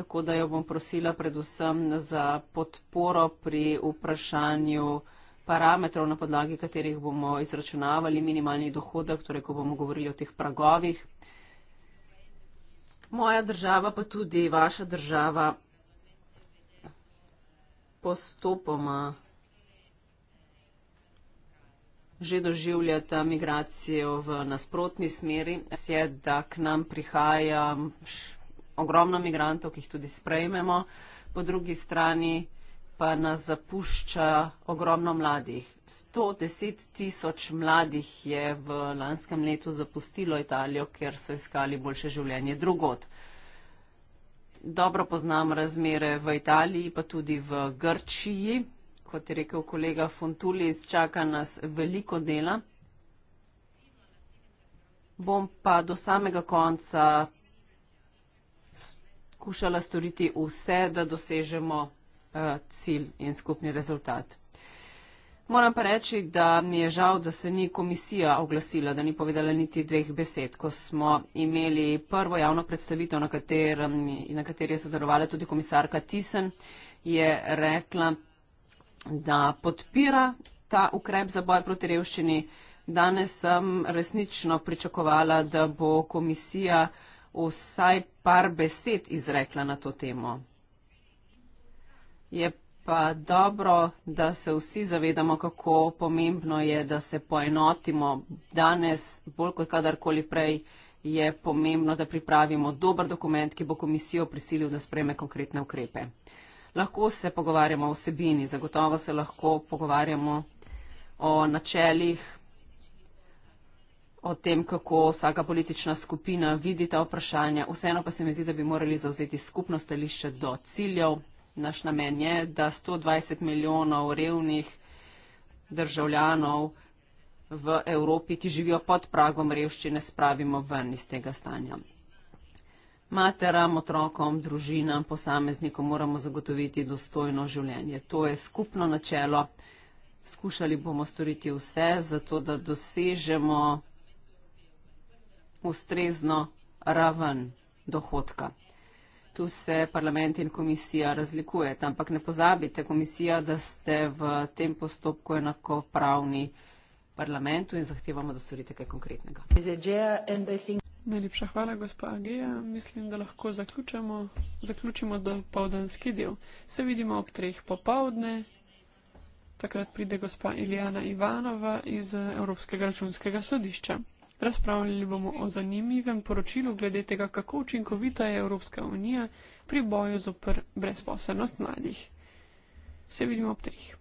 tako da jo bom prosila predvsem za podporo pri vprašanju parametrov, na podlagi katerih bomo izračunavali minimalni dohodek, torej ko bomo govorili o teh pragovih moja država, pa tudi vaša država postopoma že doživljata migracijo v nasprotni smeri, je, da k nam prihaja ogromno migrantov, ki jih tudi sprejmemo, po drugi strani pa nas zapušča ogromno mladih. 110 tisoč mladih je v lanskem letu zapustilo Italijo, ker so iskali boljše življenje drugot. Dobro poznam razmere v Italiji, pa tudi v Grčiji. Kot je rekel kolega Fontulis, čaka nas veliko dela. Bom pa do samega konca skušala storiti vse, da dosežemo Eh, cilj in skupni rezultat. Moram pa reči, da mi je žal, da se ni komisija oglasila, da ni povedala niti dveh besed, ko smo imeli prvo javno predstavitev, na kateri, na kateri je sodelovala tudi komisarka Tisen, je rekla, da podpira ta ukrep za boj proti revščini. Danes sem resnično pričakovala, da bo komisija vsaj par besed izrekla na to temo je pa dobro, da se vsi zavedamo, kako pomembno je, da se poenotimo. Danes, bolj kot kadarkoli prej, je pomembno, da pripravimo dober dokument, ki bo komisijo prisilil, da spreme konkretne ukrepe. Lahko se pogovarjamo o vsebini, zagotovo se lahko pogovarjamo o načelih, o tem, kako vsaka politična skupina vidi ta vprašanja. Vseeno pa se mi zdi, da bi morali zauzeti skupno stališče do ciljev naš namen je, da 120 milijonov revnih državljanov v Evropi, ki živijo pod pragom revščine, spravimo ven iz tega stanja. Materam, otrokom, družinam, posameznikom moramo zagotoviti dostojno življenje. To je skupno načelo. Skušali bomo storiti vse, zato da dosežemo ustrezno raven dohodka tu se parlament in komisija razlikujeta. Ampak ne pozabite, komisija, da ste v tem postopku enakopravni parlamentu in zahtevamo, da storite kaj konkretnega. Najlepša hvala, gospa Ageja. Mislim, da lahko zaključamo, zaključimo do povdanski del. Se vidimo ob treh popovdne. Takrat pride gospa Iljana Ivanova iz Evropskega računskega sodišča. Razpravljali bomo o zanimivem poročilu glede tega, kako učinkovita je Evropska unija pri boju zopr brezposobnost mladih. Se vidimo ob treh.